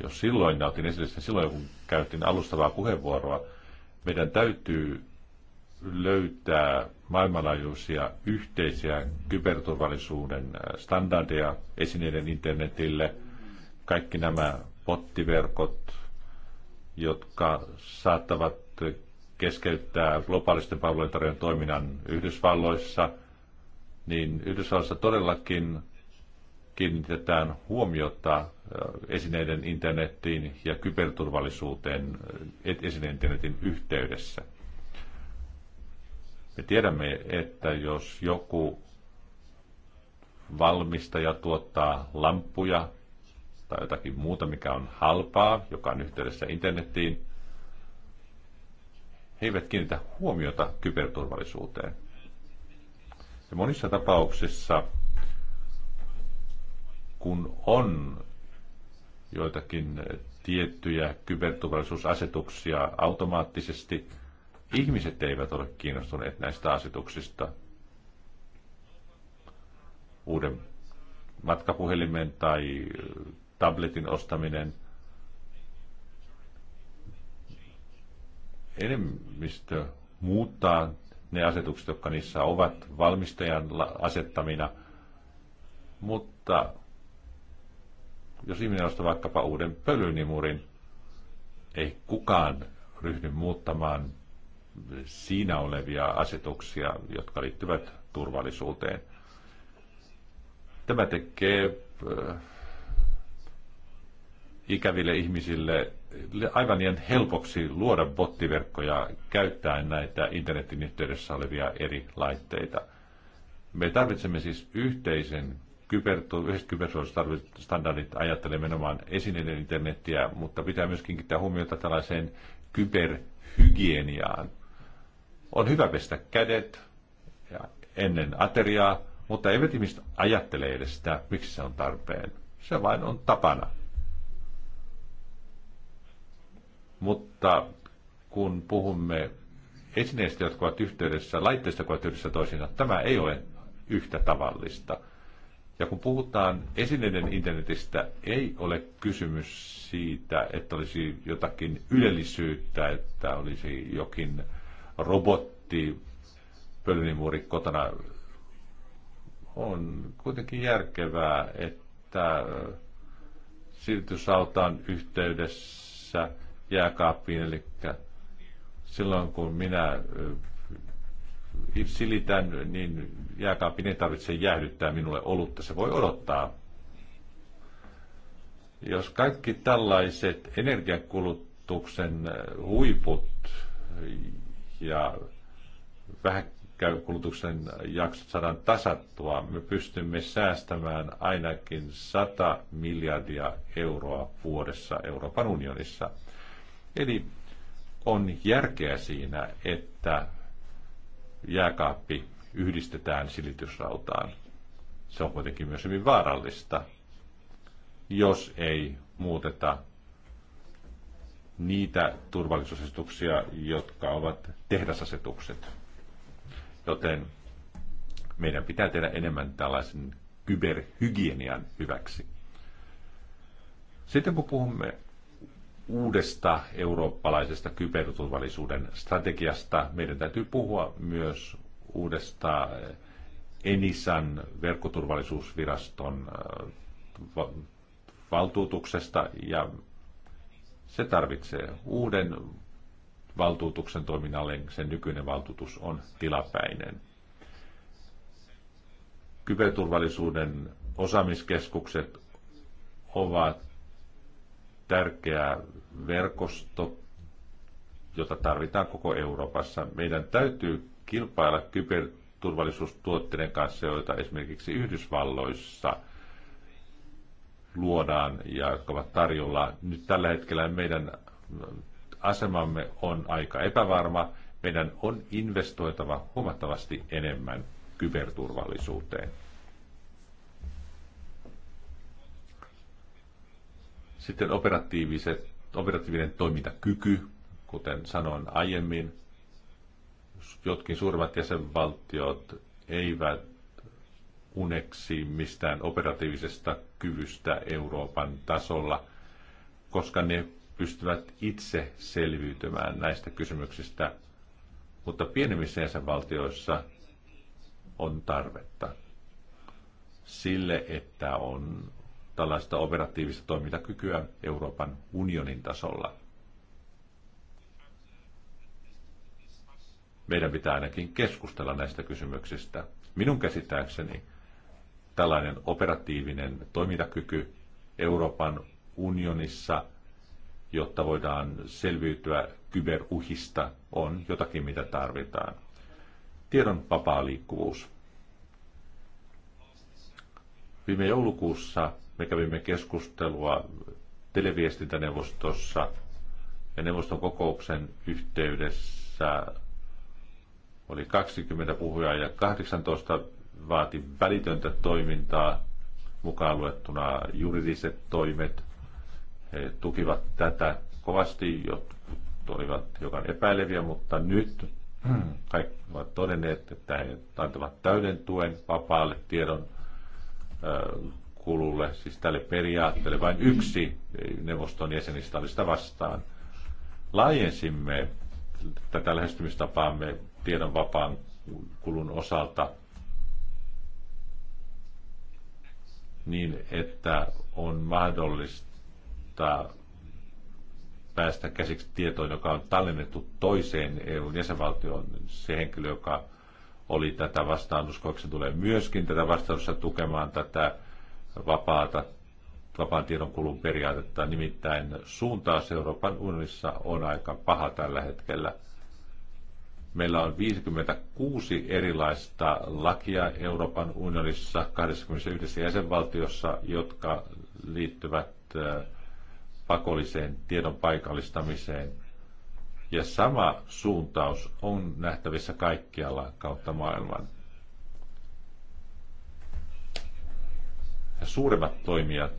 jo silloin, otin esille sen silloin, kun käytin alustavaa puheenvuoroa. Meidän täytyy löytää maailmanlaajuisia yhteisiä kyberturvallisuuden standardeja esineiden internetille – kaikki nämä pottiverkot, jotka saattavat keskeyttää globaalisten palvelujen toiminnan Yhdysvalloissa, niin Yhdysvalloissa todellakin kiinnitetään huomiota äh, esineiden internettiin ja kyberturvallisuuteen äh, esineiden internetin yhteydessä. Me tiedämme, että jos joku valmistaja tuottaa lampuja tai jotakin muuta, mikä on halpaa, joka on yhteydessä internettiin, he eivät kiinnitä huomiota kyberturvallisuuteen. Ja monissa tapauksissa, kun on joitakin tiettyjä kyberturvallisuusasetuksia automaattisesti, ihmiset eivät ole kiinnostuneet näistä asetuksista. Uuden matkapuhelimen tai tabletin ostaminen. Enemmistö muuttaa ne asetukset, jotka niissä ovat valmistajan asettamina, mutta jos ihminen ostaa vaikkapa uuden pölynimurin, ei kukaan ryhdy muuttamaan siinä olevia asetuksia, jotka liittyvät turvallisuuteen. Tämä tekee ikäville ihmisille aivan niin helpoksi luoda bottiverkkoja käyttäen näitä internetin yhteydessä olevia eri laitteita. Me tarvitsemme siis yhteisen yleiset kybersuojelustandardit ajattelee menomaan esineiden internettiä, mutta pitää myöskin kiinnittää huomiota tällaiseen kyberhygieniaan. On hyvä pestä kädet ja ennen ateriaa, mutta eivät ihmiset ajattele edes sitä, miksi se on tarpeen. Se vain on tapana. Mutta kun puhumme esineistä, jotka ovat yhteydessä, laitteista, jotka ovat yhteydessä toisinaan, tämä ei ole yhtä tavallista. Ja kun puhutaan esineiden internetistä, ei ole kysymys siitä, että olisi jotakin ylellisyyttä, että olisi jokin robotti, pölynimuuri kotona. On kuitenkin järkevää, että siirtysautaan yhteydessä – jääkaappiin, eli silloin kun minä silitän, niin jääkaappiin ei tarvitse jäähdyttää minulle olutta, se voi odottaa. Jos kaikki tällaiset energiakulutuksen huiput ja vähäkulutuksen jaksot saadaan tasattua, me pystymme säästämään ainakin 100 miljardia euroa vuodessa Euroopan unionissa – Eli on järkeä siinä, että jääkaappi yhdistetään silitysrautaan. Se on kuitenkin myös hyvin vaarallista, jos ei muuteta niitä turvallisuusasetuksia, jotka ovat tehdasasetukset. Joten meidän pitää tehdä enemmän tällaisen kyberhygienian hyväksi. Sitten kun puhumme uudesta eurooppalaisesta kyberturvallisuuden strategiasta. Meidän täytyy puhua myös uudesta eh, Enisan verkkoturvallisuusviraston eh, valtuutuksesta ja se tarvitsee uuden valtuutuksen toiminnalle. Sen nykyinen valtuutus on tilapäinen. Kyberturvallisuuden osaamiskeskukset ovat tärkeä verkosto, jota tarvitaan koko Euroopassa. Meidän täytyy kilpailla kyberturvallisuustuotteiden kanssa, joita esimerkiksi Yhdysvalloissa luodaan ja jotka ovat tarjolla. Nyt tällä hetkellä meidän asemamme on aika epävarma. Meidän on investoitava huomattavasti enemmän kyberturvallisuuteen. Sitten operatiiviset, operatiivinen toimintakyky, kuten sanoin aiemmin, jotkin suurimmat jäsenvaltiot eivät uneksi mistään operatiivisesta kyvystä Euroopan tasolla, koska ne pystyvät itse selviytymään näistä kysymyksistä, mutta pienemmissä jäsenvaltioissa on tarvetta sille, että on tällaista operatiivista toimintakykyä Euroopan unionin tasolla. Meidän pitää ainakin keskustella näistä kysymyksistä. Minun käsittääkseni tällainen operatiivinen toimintakyky Euroopan unionissa, jotta voidaan selviytyä kyberuhista, on jotakin, mitä tarvitaan. Tiedon vapaa liikkuvuus. Viime joulukuussa me kävimme keskustelua televiestintäneuvostossa ja neuvoston kokouksen yhteydessä oli 20 puhujaa ja 18 vaati välitöntä toimintaa mukaan luettuna juridiset toimet. He tukivat tätä kovasti, jotkut olivat hiukan epäileviä, mutta nyt kaikki ovat todenneet, että he antavat täyden tuen vapaalle tiedon kululle, siis tälle periaatteelle. Vain yksi neuvoston jäsenistä oli sitä vastaan. Laajensimme tätä lähestymistapaamme tiedon vapaan kulun osalta niin, että on mahdollista päästä käsiksi tietoon, joka on tallennettu toiseen EUn jäsenvaltioon. Se henkilö, joka oli tätä vastaan, uskoakseni tulee myöskin tätä vastausta tukemaan tätä vapaata, vapaan kulun periaatetta. Nimittäin suuntaus Euroopan unionissa on aika paha tällä hetkellä. Meillä on 56 erilaista lakia Euroopan unionissa 21 jäsenvaltiossa, jotka liittyvät pakolliseen tiedon paikallistamiseen. Ja sama suuntaus on nähtävissä kaikkialla kautta maailman. suuremmat toimijat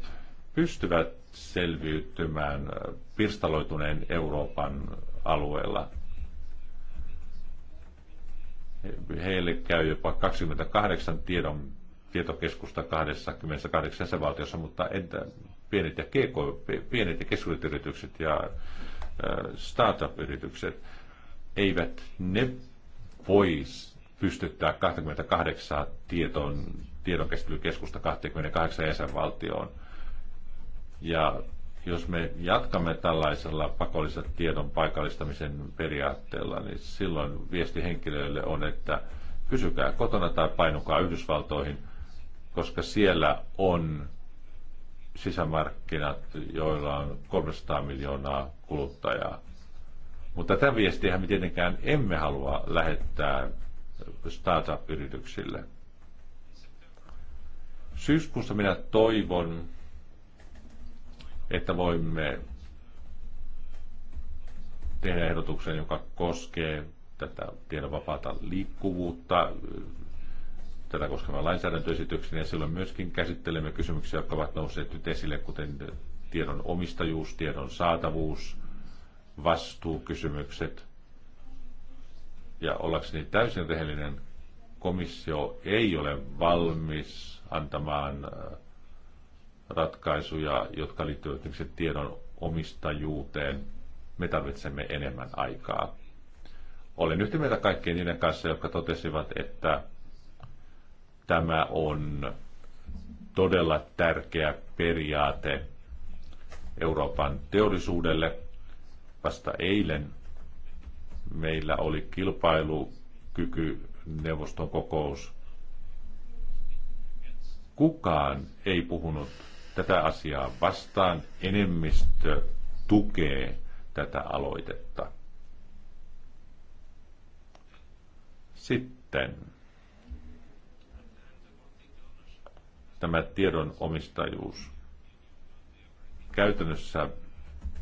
pystyvät selviytymään äh, pirstaloituneen Euroopan alueella. Heille käy jopa 28 tiedon, tietokeskusta 28 valtiossa, mutta entä pienet ja, GK, pienet ja keskisuuret yritykset ja äh, startup-yritykset, eivät ne voisi pystyttää 28 tieton tiedonkäsittelykeskusta 28 jäsenvaltioon. Ja jos me jatkamme tällaisella pakollisella tiedon paikallistamisen periaatteella, niin silloin viesti henkilöille on, että pysykää kotona tai painukaa Yhdysvaltoihin, koska siellä on sisämarkkinat, joilla on 300 miljoonaa kuluttajaa. Mutta tämä viestiä me tietenkään emme halua lähettää startup-yrityksille – Syyskuussa minä toivon, että voimme tehdä ehdotuksen, joka koskee tätä tiedonvapaata liikkuvuutta, tätä koskevan lainsäädäntöesityksen, ja silloin myöskin käsittelemme kysymyksiä, jotka ovat nousseet nyt esille, kuten tiedon omistajuus, tiedon saatavuus, vastuukysymykset. Ja ollakseni täysin rehellinen, komissio ei ole valmis antamaan äh, ratkaisuja, jotka liittyvät tiedon omistajuuteen. Me tarvitsemme enemmän aikaa. Olen yhtä mieltä kaikkien niiden kanssa, jotka totesivat, että tämä on todella tärkeä periaate Euroopan teollisuudelle. Vasta eilen meillä oli neuvoston kokous – Kukaan ei puhunut tätä asiaa vastaan. Enemmistö tukee tätä aloitetta. Sitten tämä tiedon omistajuus. Käytännössä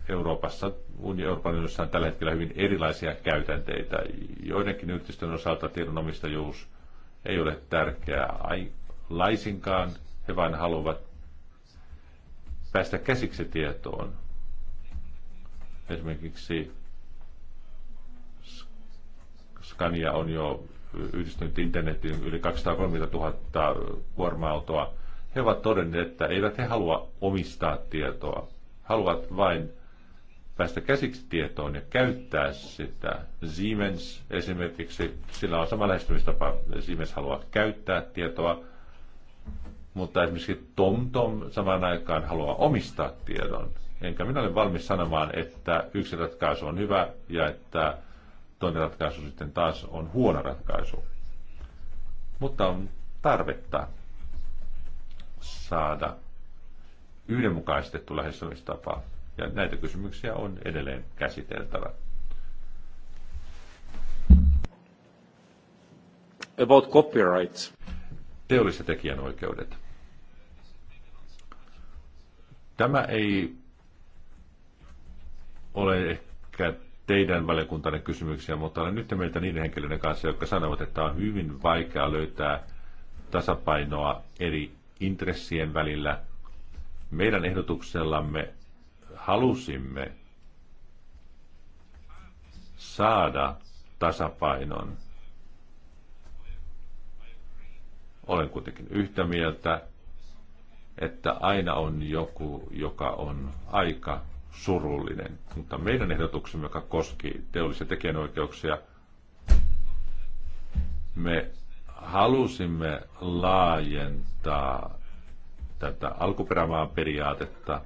Euroopassa, Euroopan unionissa on tällä hetkellä hyvin erilaisia käytänteitä. Joidenkin yhteistyön osalta tiedonomistajuus ei ole tärkeää laisinkaan, he vain haluavat päästä käsiksi tietoon. Esimerkiksi Scania on jo yhdistynyt internetin yli 230 000 kuorma-autoa. He ovat todenneet, että eivät he halua omistaa tietoa. Haluavat vain päästä käsiksi tietoon ja käyttää sitä. Siemens esimerkiksi, sillä on sama lähestymistapa. Siemens haluaa käyttää tietoa, mutta esimerkiksi Tom -tom samaan aikaan haluaa omistaa tiedon. Enkä minä ole valmis sanomaan, että yksi ratkaisu on hyvä ja että toinen ratkaisu sitten taas on huono ratkaisu. Mutta on tarvetta saada yhdenmukaistettu lähestymistapa. Ja näitä kysymyksiä on edelleen käsiteltävä. About copyright teolliset tekijänoikeudet. Tämä ei ole ehkä teidän valiokuntanne kysymyksiä, mutta olen nyt meiltä niiden henkilöiden kanssa, jotka sanovat, että on hyvin vaikea löytää tasapainoa eri intressien välillä. Meidän ehdotuksellamme halusimme saada tasapainon Olen kuitenkin yhtä mieltä, että aina on joku, joka on aika surullinen. Mutta meidän ehdotuksemme, joka koski teollisia tekijänoikeuksia, me halusimme laajentaa tätä alkuperämaan periaatetta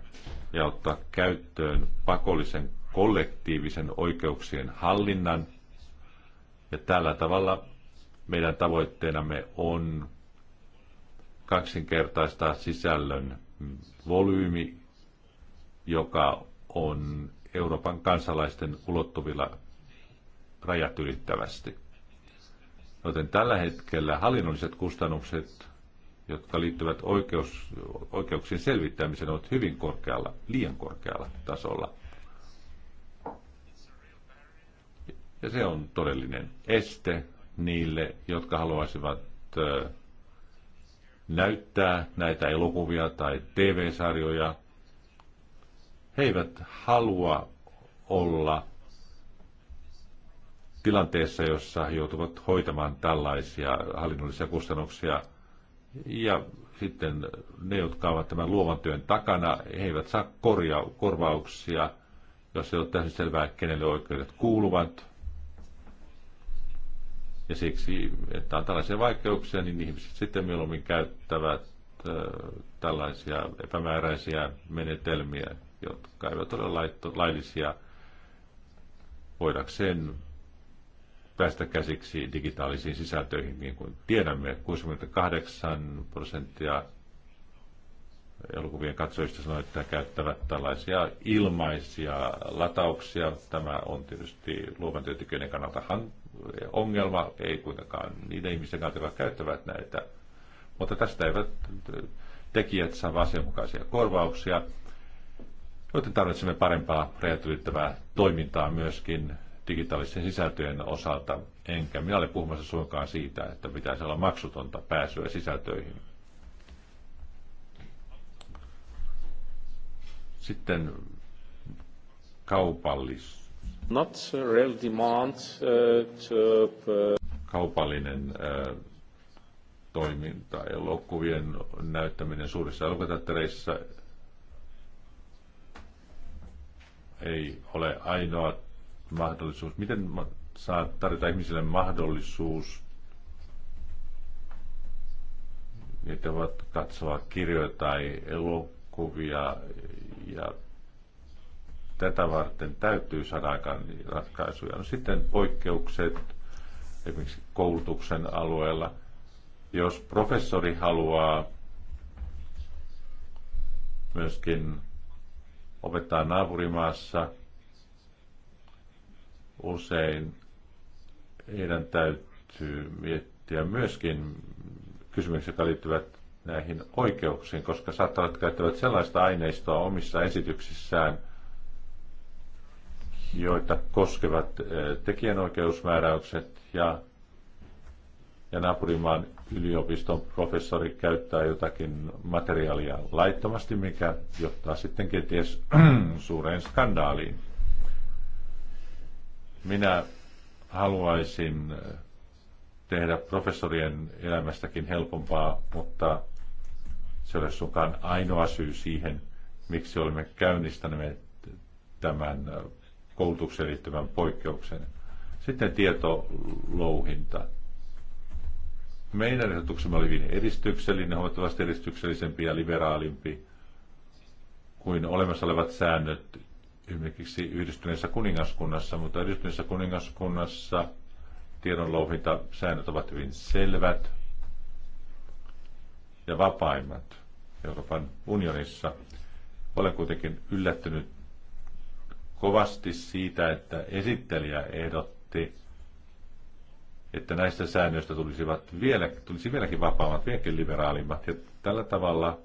ja ottaa käyttöön pakollisen kollektiivisen oikeuksien hallinnan. Ja tällä tavalla meidän tavoitteenamme on kaksinkertaistaa sisällön volyymi, joka on Euroopan kansalaisten ulottuvilla rajat ylittävästi. Joten tällä hetkellä hallinnolliset kustannukset, jotka liittyvät oikeus, oikeuksien selvittämiseen, ovat hyvin korkealla, liian korkealla tasolla. Ja se on todellinen este niille, jotka haluaisivat näyttää näitä elokuvia tai TV-sarjoja. He eivät halua olla tilanteessa, jossa he joutuvat hoitamaan tällaisia hallinnollisia kustannuksia. Ja sitten ne, jotka ovat tämän luovan työn takana, he eivät saa korja- korvauksia, jos ei ole täysin selvää, kenelle oikeudet kuuluvat, ja siksi, että on tällaisia vaikeuksia, niin ihmiset sitten mieluummin käyttävät tällaisia epämääräisiä menetelmiä, jotka eivät ole laillisia, voidakseen päästä käsiksi digitaalisiin sisältöihin, niin kuin tiedämme. 68 prosenttia elokuvien katsojista sanoi, että käyttävät tällaisia ilmaisia latauksia. Tämä on tietysti luovan työntekijöiden kannalta hank- ongelma, ei kuitenkaan niiden ihmisten kannalta, jotka käyttävät näitä. Mutta tästä eivät tekijät saa asianmukaisia korvauksia, joten tarvitsemme parempaa rajat toimintaa myöskin digitaalisten sisältöjen osalta. Enkä minä ole puhumassa suinkaan siitä, että pitäisi olla maksutonta pääsyä sisältöihin. Sitten kaupallis not uh, real demand uh, to... Uh, Kaupallinen toiminta, elokuvien näyttäminen suurissa elokuvateattereissa ei ole ainoa mahdollisuus. Miten saa tarjota ihmisille mahdollisuus, että voivat katsoa kirjoja tai elokuvia ja tätä varten täytyy saada aikaan ratkaisuja. No sitten poikkeukset esimerkiksi koulutuksen alueella. Jos professori haluaa myöskin opettaa naapurimaassa, usein heidän täytyy miettiä myöskin kysymyksiä, jotka liittyvät näihin oikeuksiin, koska saattavat käyttävät sellaista aineistoa omissa esityksissään – joita koskevat eh, tekijänoikeusmääräykset ja, ja naapurimaan yliopiston professori käyttää jotakin materiaalia laittomasti, mikä johtaa sitten kenties suureen skandaaliin. Minä haluaisin eh, tehdä professorien elämästäkin helpompaa, mutta se olisi ole ainoa syy siihen, miksi olemme käynnistäneet tämän eh, koulutukseen liittyvän poikkeuksen. Sitten tietolouhinta. Meidän ehdotuksemme oli hyvin edistyksellinen, huomattavasti edistyksellisempi ja liberaalimpi kuin olemassa olevat säännöt esimerkiksi yhdistyneessä kuningaskunnassa, mutta yhdistyneessä kuningaskunnassa säännöt ovat hyvin selvät ja vapaimmat Euroopan unionissa. Olen kuitenkin yllättynyt kovasti siitä, että esittelijä ehdotti, että näistä säännöistä tulisivat vielä, tulisi vieläkin vapaammat, vieläkin liberaalimmat. Ja tällä tavalla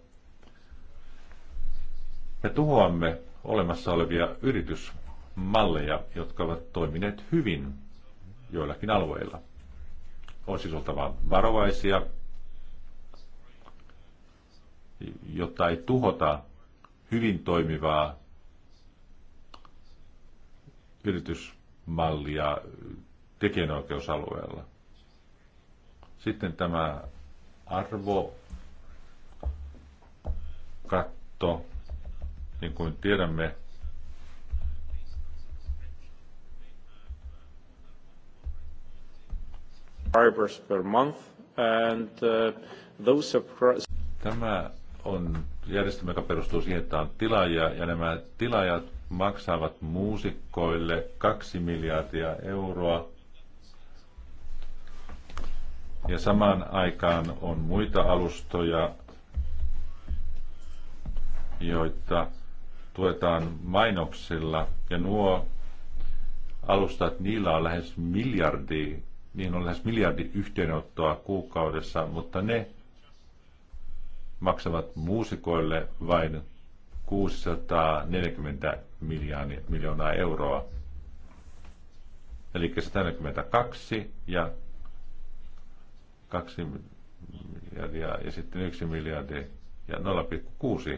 me tuhoamme olemassa olevia yritysmalleja, jotka ovat toimineet hyvin joillakin alueilla. On siis oltava varovaisia, jotta ei tuhota hyvin toimivaa yritysmallia tekijänoikeusalueella. Sitten tämä arvo katto, niin kuin tiedämme, per month and uh, those Tämä on järjestelmä, joka perustuu siihen, että on tilaajia ja nämä tilaajat maksavat muusikkoille kaksi miljardia euroa. Ja samaan aikaan on muita alustoja, joita tuetaan mainoksilla. Ja nuo alustat, niillä on lähes miljardi, niin on lähes miljardi yhteenottoa kuukaudessa, mutta ne maksavat muusikoille vain 640 miljoonaa euroa. Eli 142 ja 2 miljardia ja sitten 1 miljardi ja 0,6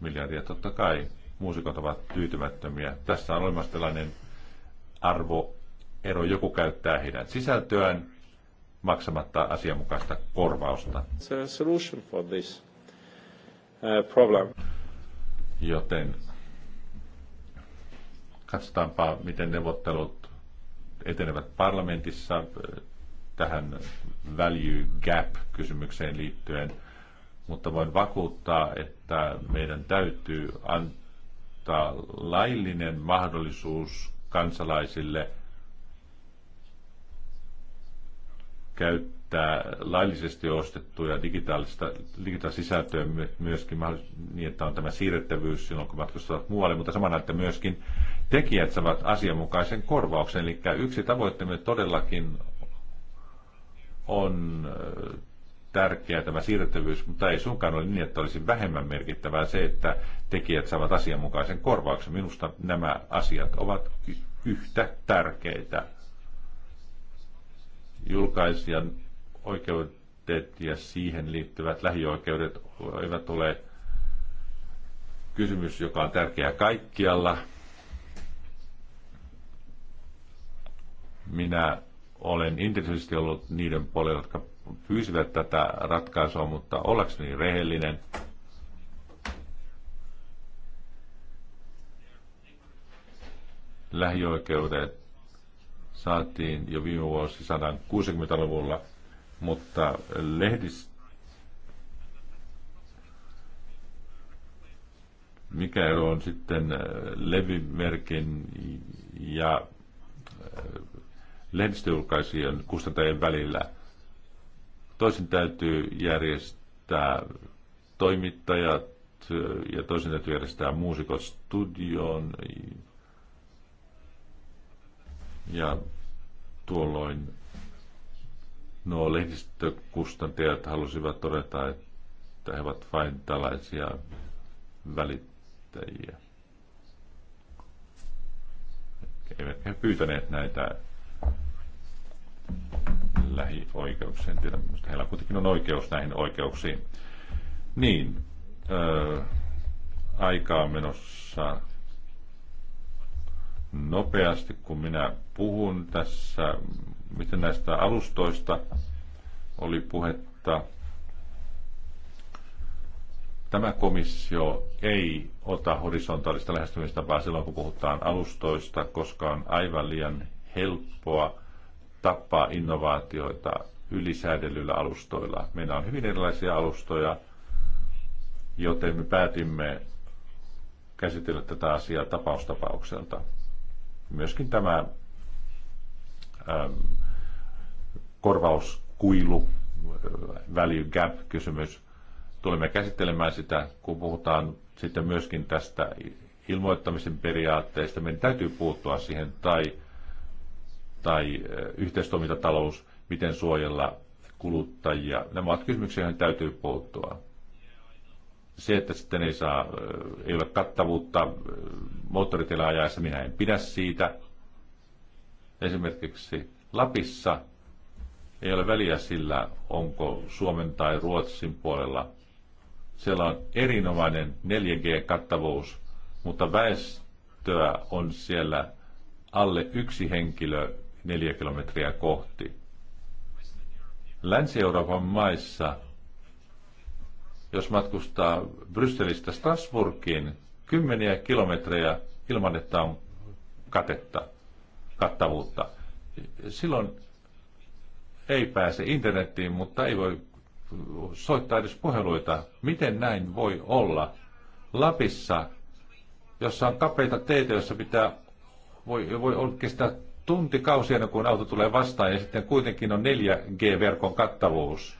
miljardia. Totta kai muusikot ovat tyytymättömiä. Tässä on olemassa tällainen arvoero. Joku käyttää heidän sisältöään maksamatta asianmukaista korvausta. Uh, Joten Katsotaanpa, miten neuvottelut etenevät parlamentissa äh, tähän value gap-kysymykseen liittyen, mutta voin vakuuttaa, että meidän täytyy antaa laillinen mahdollisuus kansalaisille käyttää laillisesti ostettuja digitaalista, digitaalista sisältöä myöskin niin, että on tämä siirrettävyys silloin, kun matkustavat muualle, mutta samana, että myöskin tekijät saavat asianmukaisen korvauksen. Eli yksi tavoitteemme todellakin on äh, tärkeä tämä siirrettävyys, mutta ei suinkaan ole niin, että olisi vähemmän merkittävää se, että tekijät saavat asianmukaisen korvauksen. Minusta nämä asiat ovat yhtä tärkeitä. Julkaisijan oikeudet ja siihen liittyvät lähioikeudet eivät ole kysymys, joka on tärkeä kaikkialla – Minä olen intensiivisesti ollut niiden puolella, jotka pyysivät tätä ratkaisua, mutta ollakseni rehellinen, lähioikeudet saatiin jo viime vuosisadan 60-luvulla, mutta lehdistä mikä ero on sitten levimerkin ja lehdistöjulkaisijan kustantajien välillä. Toisin täytyy järjestää toimittajat ja toisin täytyy järjestää muusikot studioon. Ja tuolloin nuo lehdistökustantajat halusivat todeta, että he ovat vain tällaisia välittäjiä. Eivätkä he pyytäneet näitä lähioikeuksien. tiedä, mutta heillä kuitenkin on oikeus näihin oikeuksiin. Niin, öö, aikaa menossa nopeasti, kun minä puhun tässä, miten näistä alustoista oli puhetta. Tämä komissio ei ota horisontaalista lähestymistapaa silloin, kun puhutaan alustoista, koska on aivan liian helppoa tappaa innovaatioita ylisäädellyillä alustoilla. Meillä on hyvin erilaisia alustoja, joten me päätimme käsitellä tätä asiaa tapaustapaukselta. Myöskin tämä äm, korvauskuilu, äh, value gap kysymys, tulemme käsittelemään sitä, kun puhutaan sitten myöskin tästä ilmoittamisen periaatteesta. Meidän täytyy puuttua siihen tai tai yhteistoimintatalous, miten suojella kuluttajia. Nämä ovat kysymyksiä, joihin täytyy puuttua. Se, että sitten ei, saa, ei ole kattavuutta moottoritiellä ajaessa, minä en pidä siitä. Esimerkiksi Lapissa ei ole väliä sillä, onko Suomen tai Ruotsin puolella. Siellä on erinomainen 4G-kattavuus, mutta väestöä on siellä alle yksi henkilö neljä kilometriä kohti. Länsi-Euroopan maissa, jos matkustaa Brysselistä Strasburgiin, kymmeniä kilometrejä ilman, että on katetta, kattavuutta. Silloin ei pääse internettiin, mutta ei voi soittaa edes puheluita. Miten näin voi olla? Lapissa, jossa on kapeita teitä, jossa pitää, voi, voi kestää tuntikausia, kun auto tulee vastaan ja sitten kuitenkin on 4G-verkon kattavuus.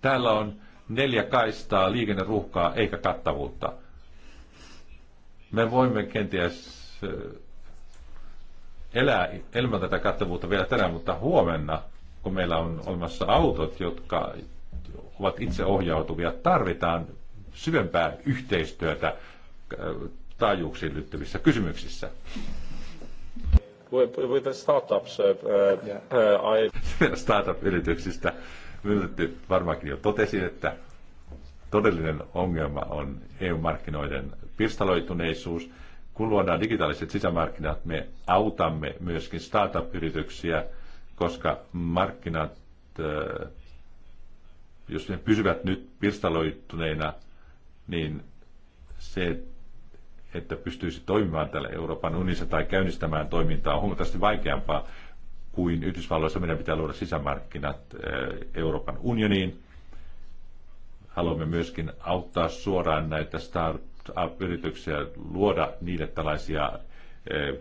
Täällä on neljä kaistaa liikenneruhkaa eikä kattavuutta. Me voimme kenties eh, elää ilman tätä kattavuutta vielä tänään, mutta huomenna, kun meillä on olemassa autot, jotka ovat itseohjautuvia, tarvitaan syvempää yhteistyötä eh, taajuuksiin liittyvissä kysymyksissä with the startups. Uh, yeah. Uh, I... Startup-yrityksistä. Myllytti varmaankin jo totesi, että todellinen ongelma on EU-markkinoiden pirstaloituneisuus. Kun luodaan digitaaliset sisämarkkinat, me autamme myöskin startup-yrityksiä, koska markkinat, äh, jos ne pysyvät nyt pirstaloituneina, niin se, että pystyisi toimimaan täällä Euroopan unissa tai käynnistämään toimintaa on huomattavasti vaikeampaa kuin Yhdysvalloissa. Meidän pitää luoda sisämarkkinat eh, Euroopan unioniin. Haluamme myöskin auttaa suoraan näitä startup-yrityksiä, luoda niille tällaisia eh,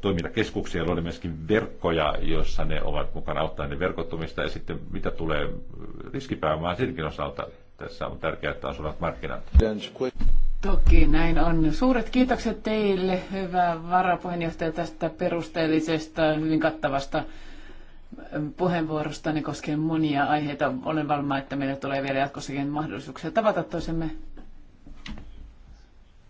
toimintakeskuksia, luoda myöskin verkkoja, joissa ne ovat mukana auttaa ne verkottumista. Ja sitten mitä tulee riskipääomaan silkin osalta, tässä on tärkeää, että on suuret markkinat. Toki näin on. Suuret kiitokset teille, hyvä varapuheenjohtaja, tästä perusteellisesta, hyvin kattavasta puheenvuorostanne koskien monia aiheita. Olen varma, että meillä tulee vielä jatkossakin mahdollisuuksia tavata toisemme.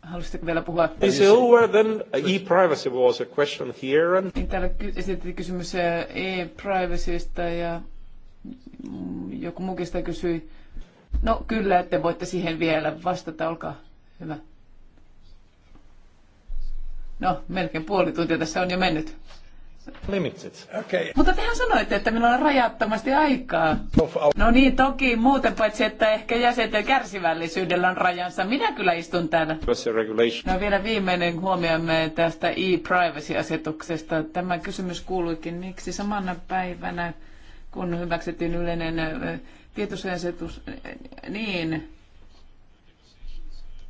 Haluaisitteko vielä puhua? Is over then e-privacy was a question here. And... Niin, täällä esitettiin kysymys e-privacysta ja joku muukin sitä kysyi No kyllä, että voitte siihen vielä vastata, olkaa hyvä. No, melkein puoli tuntia tässä on jo mennyt. Limitsit. Okay. Mutta tehän sanoitte, että minulla on rajattomasti aikaa. No niin, toki muuten paitsi, että ehkä jäsenten kärsivällisyydellä on rajansa. Minä kyllä istun täällä. No vielä viimeinen huomiomme tästä e-privacy-asetuksesta. Tämä kysymys kuuluikin, miksi samana päivänä, kun hyväksyttiin yleinen tietosuojasetus, niin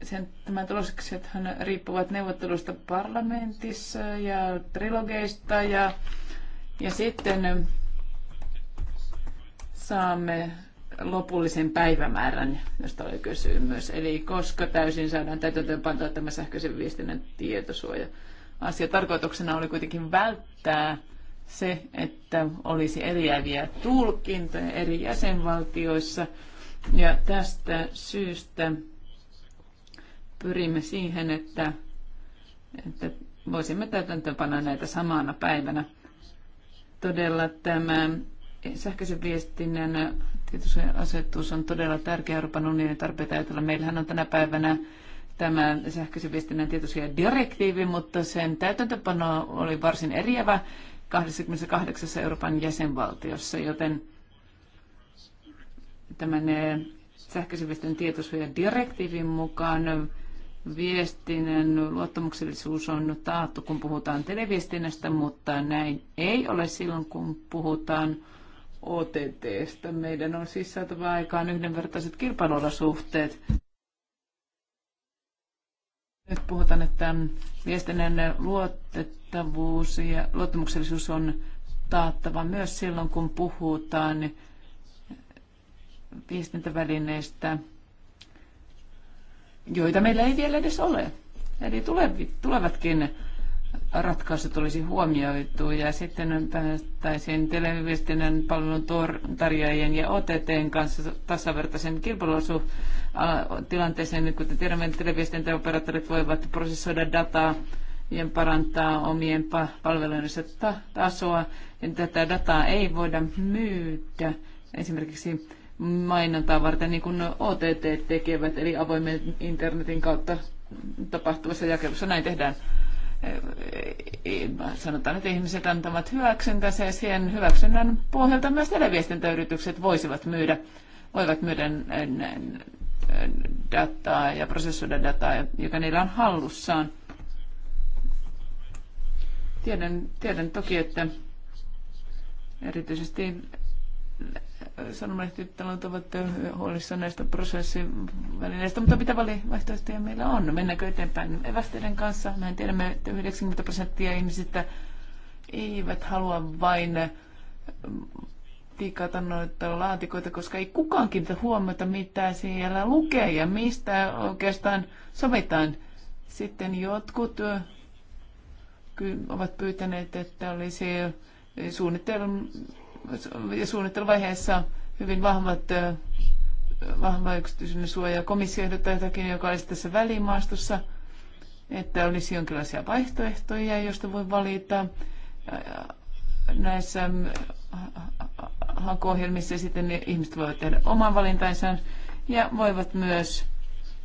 sen, tämä tuloksethan riippuvat neuvottelusta parlamentissa ja trilogeista ja, ja sitten saamme lopullisen päivämäärän, josta oli kysymys. Eli koska täysin saadaan täytäntöönpantoa tämä sähköisen viestinnän tietosuoja asia. Tarkoituksena oli kuitenkin välttää se, että olisi eriäviä tulkintoja eri jäsenvaltioissa. Ja tästä syystä pyrimme siihen, että, että voisimme täytäntöönpanna näitä samana päivänä. Todella tämä sähköisen viestinnän tietosuoja-asetus on todella tärkeä Euroopan unionin tarpeita ajatella. Meillähän on tänä päivänä tämä sähköisen viestinnän tietosuoja-direktiivi, mutta sen täytäntöpano oli varsin eriävä 28 Euroopan jäsenvaltiossa, joten tämän eh, sähköisen viestin tietosuojadirektiivin mukaan viestinnän luottamuksellisuus on taattu, kun puhutaan televiestinnästä, mutta näin ei ole silloin, kun puhutaan OTTstä. Meidän on siis saatava aikaan yhdenvertaiset kilpailuolosuhteet. Nyt puhutaan, että viestinnän luotet luotettavuus ja luottamuksellisuus on taattava myös silloin, kun puhutaan viestintävälineistä, joita meillä ei vielä edes ole. Eli tulevatkin ratkaisut olisi huomioitu ja sitten päästäisiin televiestinnän palvelun tarjoajien ja OTTn kanssa tasavertaisen tilanteeseen, Kuten tiedämme, televiestintäoperaattorit voivat prosessoida dataa ja parantaa omien palveluidensa tasoa. Tätä dataa ei voida myydä esimerkiksi mainontaa varten, niin kuin OTT tekevät, eli avoimen internetin kautta tapahtuvassa jakelussa. Näin tehdään. Sanotaan, että ihmiset antavat hyväksyntä ja siihen hyväksynnän pohjalta myös televiestintäyritykset voisivat myydä, voivat myydä dataa ja prosessoida dataa, joka niillä on hallussaan. Tiedän, tiedän toki, että erityisesti sanomalehtitalot ovat huolissaan näistä prosessivälineistä, mutta mitä vaihtoehtoja meillä on? Mennäänkö eteenpäin evästeiden kanssa? Mehän tiedämme, että 90 prosenttia ihmisistä eivät halua vain tiikata noita laatikoita, koska ei kukaan kiinnitä huomiota, mitä siellä lukee ja mistä oikeastaan sovitaan. Sitten jotkut ovat pyytäneet, että olisi suunnittelun, suunnitteluvaiheessa hyvin vahvat, vahva yksityisyyden suoja. Komissio ehdottaa jotakin, joka olisi tässä välimaastossa, että olisi jonkinlaisia vaihtoehtoja, joista voi valita näissä hakuohjelmissa sitten ihmiset voivat tehdä oman valintansa ja voivat myös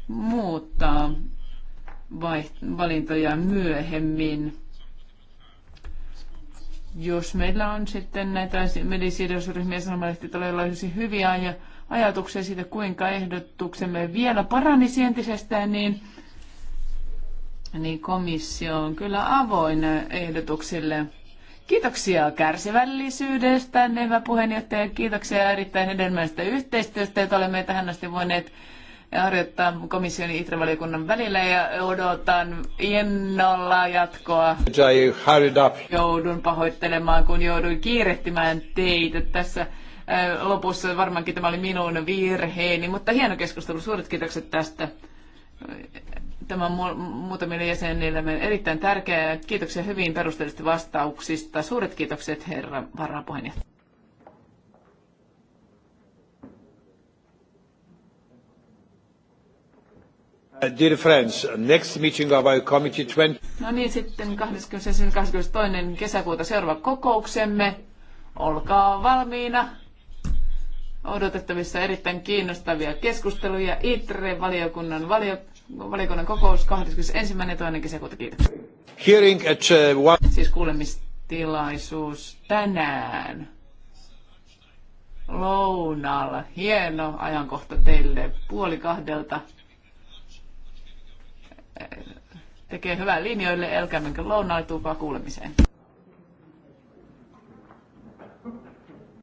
muuttaa valintoja myöhemmin jos meillä on sitten näitä medisidosryhmiä sanomalehtitaloilla olisi hyviä ja ajatuksia siitä, kuinka ehdotuksemme vielä paranisi entisestään, niin, niin komissio on kyllä avoin ehdotuksille. Kiitoksia kärsivällisyydestä, hyvä puheenjohtaja. Kiitoksia erittäin hedelmällisestä yhteistyöstä, jota olemme tähän asti voineet harjoittaa komission ja ITRE-valiokunnan välillä ja odotan innolla jatkoa. Joudun pahoittelemaan, kun jouduin kiirehtimään teitä tässä äh, lopussa. Varmaankin tämä oli minun virheeni, mutta hieno keskustelu. Suuret kiitokset tästä. Tämä on muutamille jäsenille erittäin tärkeää. Kiitoksia hyvin perusteellisista vastauksista. Suuret kiitokset, herra varapuheenjohtaja. Uh, dear friends, next meeting of our committee 20... No niin, sitten 22. kesäkuuta seuraava kokouksemme. Olkaa valmiina. Odotettavissa erittäin kiinnostavia keskusteluja. ITRE-valiokunnan valio, valiokunnan kokous 21. toinen kesäkuuta. Kiitos. Hearing at, uh, one... Siis kuulemistilaisuus tänään lounaalla. Hieno ajankohta teille puoli kahdelta tekee hyvää linjoille, älkää menkö lounaalle, tulkaa kuulemiseen.